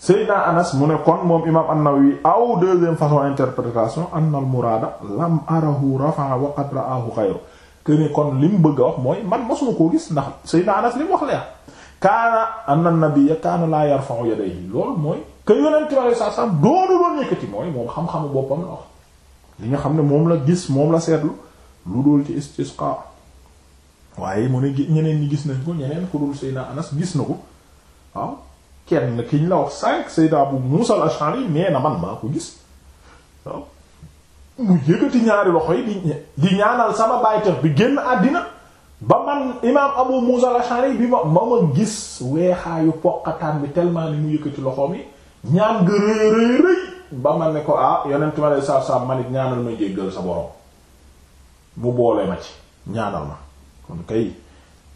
A: Seydina Anas mu ne kon moom imaam an-Nawawi aw deuxième façon interprétation anna al-muraada lam arahu rafa'a wa qad ra'ahu ghayru kon lim bëgg a wax mooy man mosuma koo gis ndax Seydina Anas lim wax leer kaana anna nabiyya kaana laa yarfa'u yadayhi loolu mooy que yonent bi saa saa doonu doon yëkkati mooy moom xam-xamu boppam la wax li nga xam ne moom la gis moom la seetlu lu dul ci istisqa waaye mu ne ñeneen ñi gis nañ ko ñeneen gis na ko kenn kiñ la wax cinq Seydina Abu Muusa al-Ash'ari nee na man maa ko gis waaw mu yëkkati ñaari loxo yi di di ñaanal sama bàytax bi génn àddina ba man imaam Abu Muusa al-Ash'ari bi ma ma ma gis weexaayu poqataan bi tellement ni mu yëkkati loxoom yi ñaan nga ba ma ne ko ah yonent ma lay saab saab man it ñaanal ma jéggal sa borom mu boole ma ci ñaanal ma kon kay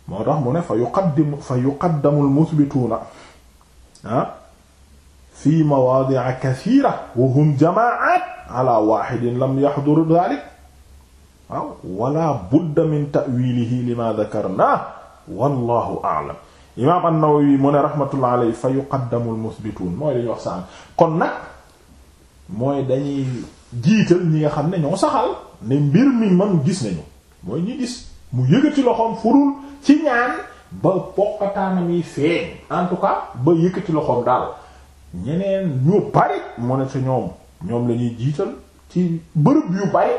A: moo tax mu ne fa yuqaddimu fa yuqaddamul musbituuna ah fi mawaadi'a kathiira wa hum jamaa'at ala waahidin lam yahdur dhalik waaw budda min ta'wiilihi lima dhakarna wallahu a'lam imaam an-Nawawi fa yuqaddamu al-muthbituun mooy dañuy wax kon nag mooy dañuy jiital ñi nga xam ne ñoo mbir mi man gis nañu mooy ñi gis mu yëgati loxoom furul ci ñaan ba poqataanam yi feeñ en tout cas ba yëkkati loxoom daal ñeneen ñu bari mu ne sa ñoom ñoom la jiital ci bërëb yu bari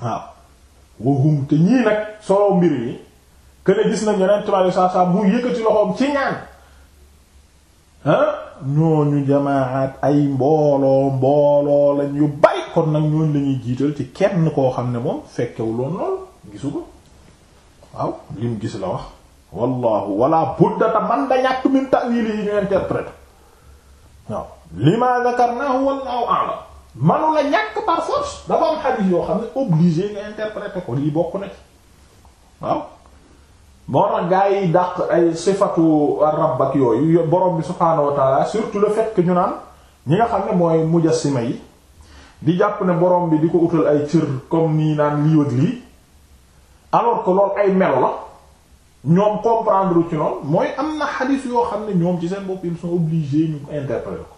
A: waaw wahum te ñii nag solo mbir yi këne gis nañ yeneen tubaab yu saab saab loxoom ci ñaan ah ñooñu jamaat ay mbooloo mbooloo lañ yu bari kon nag ñooñu la jiital ci kenn koo xam ne moom fekkewuloon lool gisu ko waaw lim gis la wax wallahu wala buddata man da ñàkk min ta'wil yi ñu interprète waaw lima zakarnahu wallahu a'lam manu la ñàkk par force dafa am xadiis yoo xam ne obligé nga interpréter ko lii bokk na ci waaw moo tax gaa yi dàq ay sifatu rabb ak yooyu borom bi subhaanahu wa surtout le fekk ñu naan ñi nga xam ne mooy mujassima yi di jàpp ne borom bi di ko utal ay cër comme nii naan lii ak lii alors que loolu ay melo la ñoom comprendre ci noonu mooy am na xadiis yoo xam ne ñoom ci seen bopp ils sont obligés ñu interpréter ko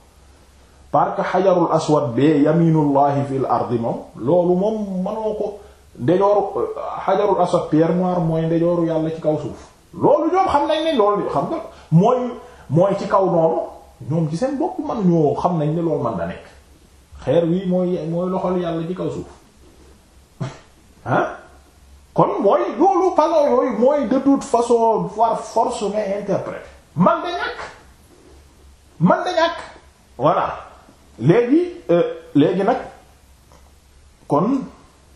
A: parce que xajarul aswad bee yaminullahi fil ardi moom loolu moom mënoo ko ndejooru xajarul euh, aswad pierre noire mooy ndejooru yàlla ci kaw suuf loolu ñoom xam nañ ne loolu xam nga mooy mooy ci kaw noonu ñoom ci seen bopp man ñoo xam nañ ne loolu man da nekk xeer wi mooy mooy loxol yàlla ci kaw suuf ah kon mooy loolu palo yooyu mooy de toute façon par force ngay man da ñàkk man da ñàkk voilà léegi euh, léegi nag kon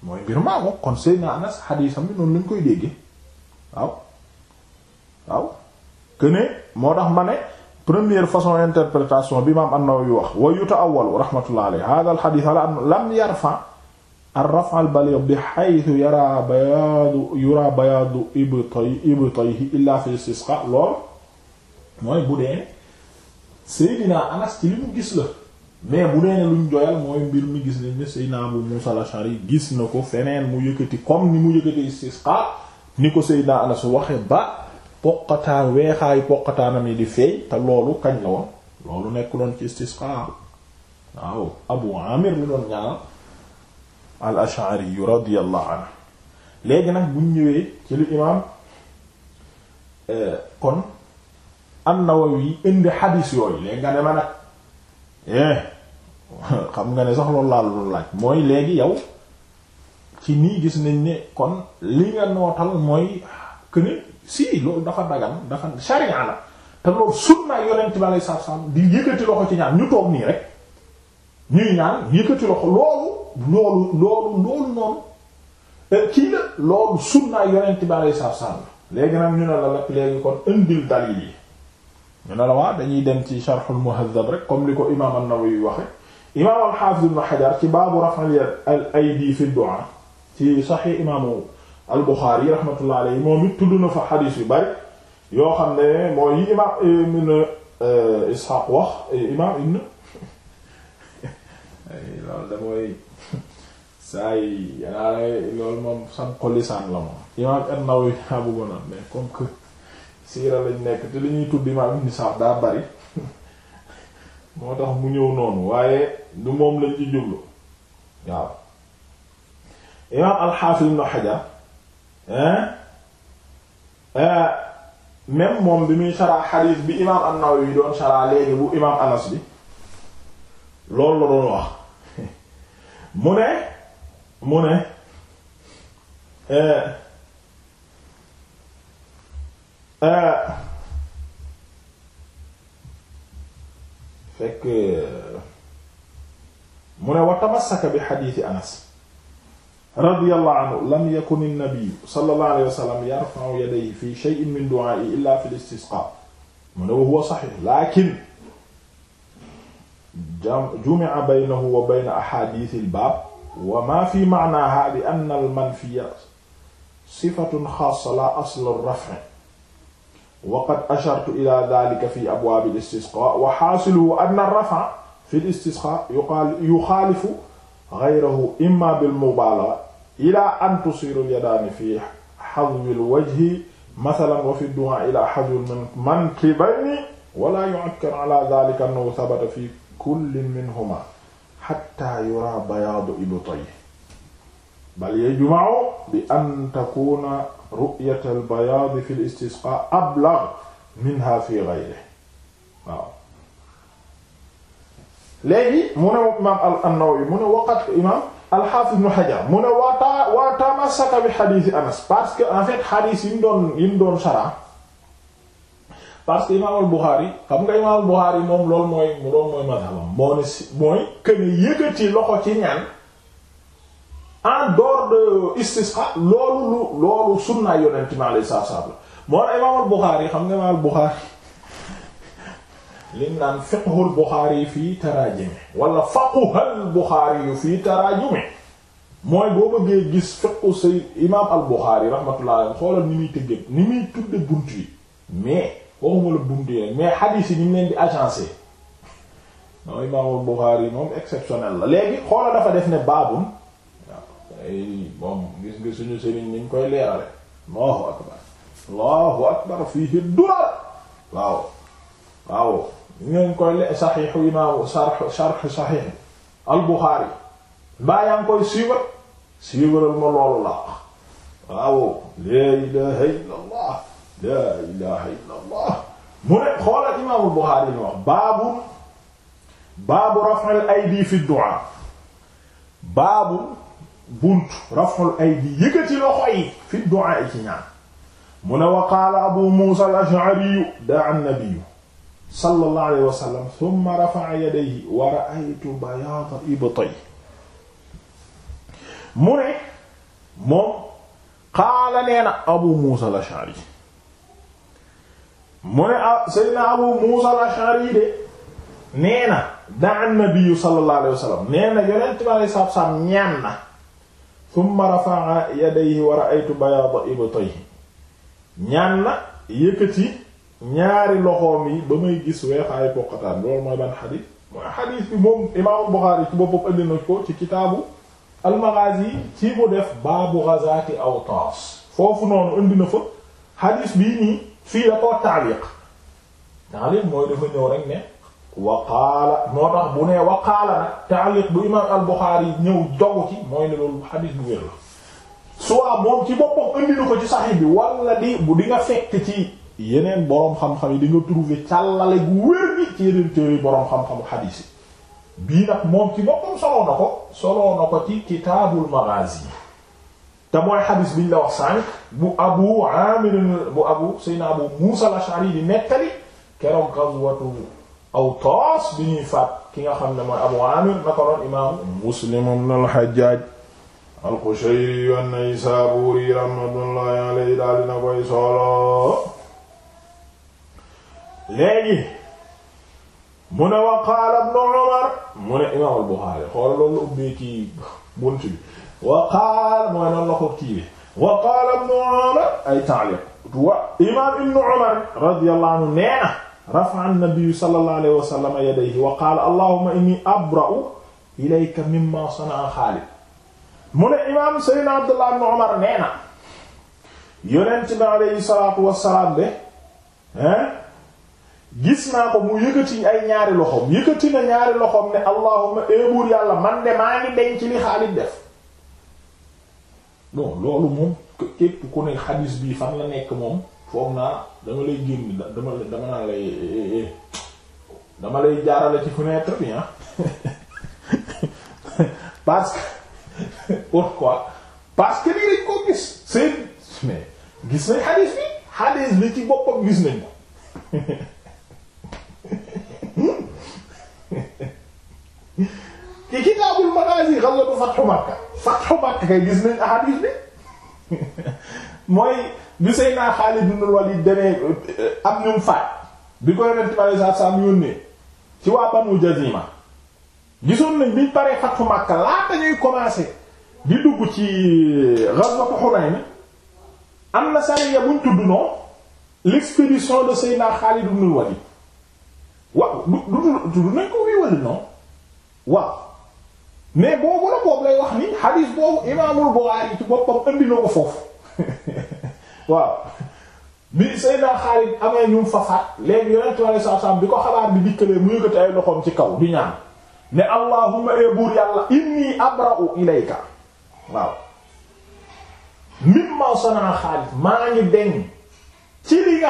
A: mooy mbir maa ko kon Seydina Anas xadiisam bi noonu lañ koy déggee waaw waaw que moo tax ma ne première façon interprétation bi Imaam An-Nawawi wax wa yuta awwalu rahmatullah alayhi hadha al-hadith lam yarfa ar-raf' al-baligh bi haythu yara bayaadu yura bayaadu ibtay ibtayhi illa fi istisqa lool mooy bu dee Seydina Anas ci li mu gis la mais bu dee ne luñ doyal mooy mbir mi gis nañ ne Seydina Abu Musa al-Ash'ari gis na ko feneen mu yëkkati comme ni mu yëkkati istisqa ni ko Seydina Anas waxe ba poqataan weexaayu poqataanam yi di feeñ te loolu kañ la woon loolu nekk loon ci istisqa waaw Abu Amir li doon ñaanal al ashari radiyallahu anhu léegi nag buñ ñëwee ci lu imaam eh, kon an-Nawawi indi xadiis yooyu léegi nga ne ma nag eh, xam nga ne sax loolu laa loolu laaj mooy léegi yow ci nii gis nañ ni kon li nga nootal mooy këne si loolu dafa dagan dafa sharia la te loolu sunna yonent bi alayhi salaatu salaam di yëkkati loxo ci ñaan ñu toog nii rek ñuy ñaan yëkkati loxo loolu loolu loolu loolu noonu euh, kii la loolu sunnaa yonent bi alei saatu salaam léegi ñu ne la nag léegi kon indil dalil yi ñu ne la waa dañuy dem ci sharhul muhazzab rek comme li ko imaam an-Nawawi waxe imaam al-Hafiz ibn Hajar ci baabu raf'il aydi fi du'a ci sahih imaamu al-Bukhari rahmatullah alayhi moom it tudd na fa xadiis yu bari yoo xam ne mooy yi imaam ibn euh, Ishaq wax imaam ibn loolu da saa yi yanaa loolu moom san xolisaan la moom imaam an-Nawawi yaa bëggoon mais comme que siira lañ nekk te li ñuy tudd imaam ibn Sa'd daa bari moo tax mu ñëw noonu waaye du moom lañ ci jublu waaw imaam al-Hafiz ibn Hajar euh, même moom bi muy saraa xadiis bi imaam an-Nawawi doon saraa léegi bu imaam Anas bi loolu la doon wax mu ne mu ne eh, eh, fekk eh, mu ne wa tamassaka bi xadiisi anas radiyallahu anhu lam yakun an-nabiyyu sallallahu alayhi wa sallam yarfa'u yadayhi fi shay'in min du'aa'ihi illaa fi al-istisqaa mu ne wa huwa saxiix laakin jumi'a baynahu wa bayna ahadithil baab wa ma fi ma'naha bi anna al manfiya sifatun xaasa la asla raf'i wa qad ashartu ila dhalika fi abwaab al istisqa wa haasiluhu anna ar raf'a fi al istisqa yuxaalifu ghayrahu imma bil mubaalagha ila an tusiru al yadaani fi hazwi al wajhi mathalan wa fi ad-du'aa ila hazwi al mankibayni wa la yu'akkar ala dhalika annahu thabata fi kullin minhuma xatta yura bayaadu ibtayhi bal yajma'u bi an takuna ru'yat al bayaad fi al istisqa ablagh minha fi ghayrihi waaw léegi mu ne imaam an-Nawawi mu ne waqat imaam al-Hafiz Ibn Hajar mu ne wa tamassaka bi hadith Anas parce que en fait hadith yi mu doon yi mu doon sara parce que imaamul Buxaari xam nga imaamul Buxaari moom loolu mooy loolu mooy mazhabam moo ne si mooy que ne yëkkati loxo ci ñaan en dehors de istisqa loolu lu loolu sunna yonent mi alayhi salaatu salaam la moo ne imaamul Buxaari xam nga imaamul Buxaari li naan fiqhul Buxaari fii taraajime wala faqhul Buxaari fii taraajime mooy boo bëggee gis fiqhu say imaam al Buxaari rahmatullahi xoolal ni muy ni muy tudde bunt yi mais. waxuma la bunt yi rek mais xadiis yi ni mu leen di agencé non imaamul Buxaari moom exceptionnel la léegi xoola dafa def ne baabun waaw ay moom gis suñu sëriñ ni ñu koy leerale Allahu akbar Allahu akbar fiihi durar waaw waaw ñu ngi koy le saxiixu imaamu sarx sarx saxiix al Buxaari mbaa yaa ngi koy suivre suivre ma loolu la waaw la ilaha illallah laa ilaha illa allah mu ne xoolal imaamul Buxaari na wax baabu baabu raf'al aydi fi du'a baabu bunt raf'al aydi yëkkati loxo yi fi du'a yi ci ñaan mu ne wa qaala abu muusa al-ash'ari da'a an-nabiy sallallahu alayhi wa sallam thumma rafa'a yadayhi wa ra'aytu bayaada ibtayhi mu ne moom qaala nee na abu muusa al-ash'ari mu ne ah Seydina Abu Muusa al-Ash'ari de nee na da'a nabiyyu sallallahu alayhi nee na yonent bi alayhi salaatu salaam ñaan na thumma rafa'a yadayhi wa ra'aytu bayaada ibtayhi ñaan na yëkkati ñaari loxoom yi ba may gis weexaayu poqataan loolu mooy ban xadiis mooy xadiis bi moom imaamu Buxaari ci boppam indi na ko ci kitaabu al ci mu def baabu ghazaati Awtaas foofu noonu indi na fa xadiis bii nii fii la koo taaliq mooy dafa ñëw rek ne waqaala moo tax bu nee waqaala nag taaliq bu imaam al-Bukhari ñëw dogu ci mooy ne loolu xadiis bu wér la soit moom ci boppam indi na ko ci saxiix bi wala di bu dinga nga fekk ci yeneen boroom xam-xam yi di nga trouver càllale gu wér bi ci yeneen téere boroom xam-xamu xadiis bii nag moom ci boppam soloo na ko soloo na ko ci kitaabul maghazi te mooy xadis biñ la sànq bu abu amir bu abu musa al-ash'ari di gazwatu Awtaas bi ñuy faat ki nga xam ne mooy abu amir naka noon muslim ibn al-hajjaj al-qushayri an-naysaburi rahmatullahi alayhi daal dina solo léegi mu ne wa qaala ibnu Umar mu ne imaamul Buxaari xoola loolu ubbee kii bunt bi wa qaala mooy noonu la ko kii wa qaala ibnu Umar ay taaliq wa imaam ibnu Umar radiyallahu anhu nee na rafa'a an-nabiyyu sallallahu alayhi wa sallam yadayhi wa qaala allahumma inni abra'u ilayka mimma sana'a Xaalid mu ne imaam Seydina Abdullah ibnu Umar nee na yonent bi alayhi salaatu wa salaam de gis naa ko mu yëkkati ay ñaari loxoom yëkkati na ñaari loxoom ne allahuma eebuur eh, yàlla man de maa ngi denc li Xaalid def bon loolu moom képp ku ne xadis bi fan la nekk moom foog naa dama lay génn dama dama naa eh, eh, lay jaarale ci fenêtre bi ah parce que pourquoi parce ni lañ ko gis c'est mais gis nañ xadis bi xadis bi ci boppam gis nañ ko ci kitaabul magaasi xam nga du Makka fatxu Makka kay gis nañ ahadis bi mooy bi Seydina Xaalid ibn Walid demee am ñu faat bi ko Yonent bi alayhi salaatu salaam yónnee ci waa Banu Jazima gisoon nañ biñ paree fatxu Makka laata ñuy commencer di dugg ci euh, ghazwatu Hunayn am na sariya buñ tudd noonu l'expédition de Seydina Xaalid ibn Walid waaw du du du nañ ko wii wala non waaw mais boobu la boobu lay wax ni xadiis boobu imaamul Buxaari ci boppam andi na ko foofu waaw bi Seydina Xaalid amee ñu fa faat léegi yonentu Yàlla sallallahu alayhi bi ko xabaar bi dikkalee mu yëkkati ay loxoom ci kaw di ñaan ne allahumma ee buur yàlla inni abra'u ilayka waaw mimma sanaa Xaalid maa ngi deñ ci li nga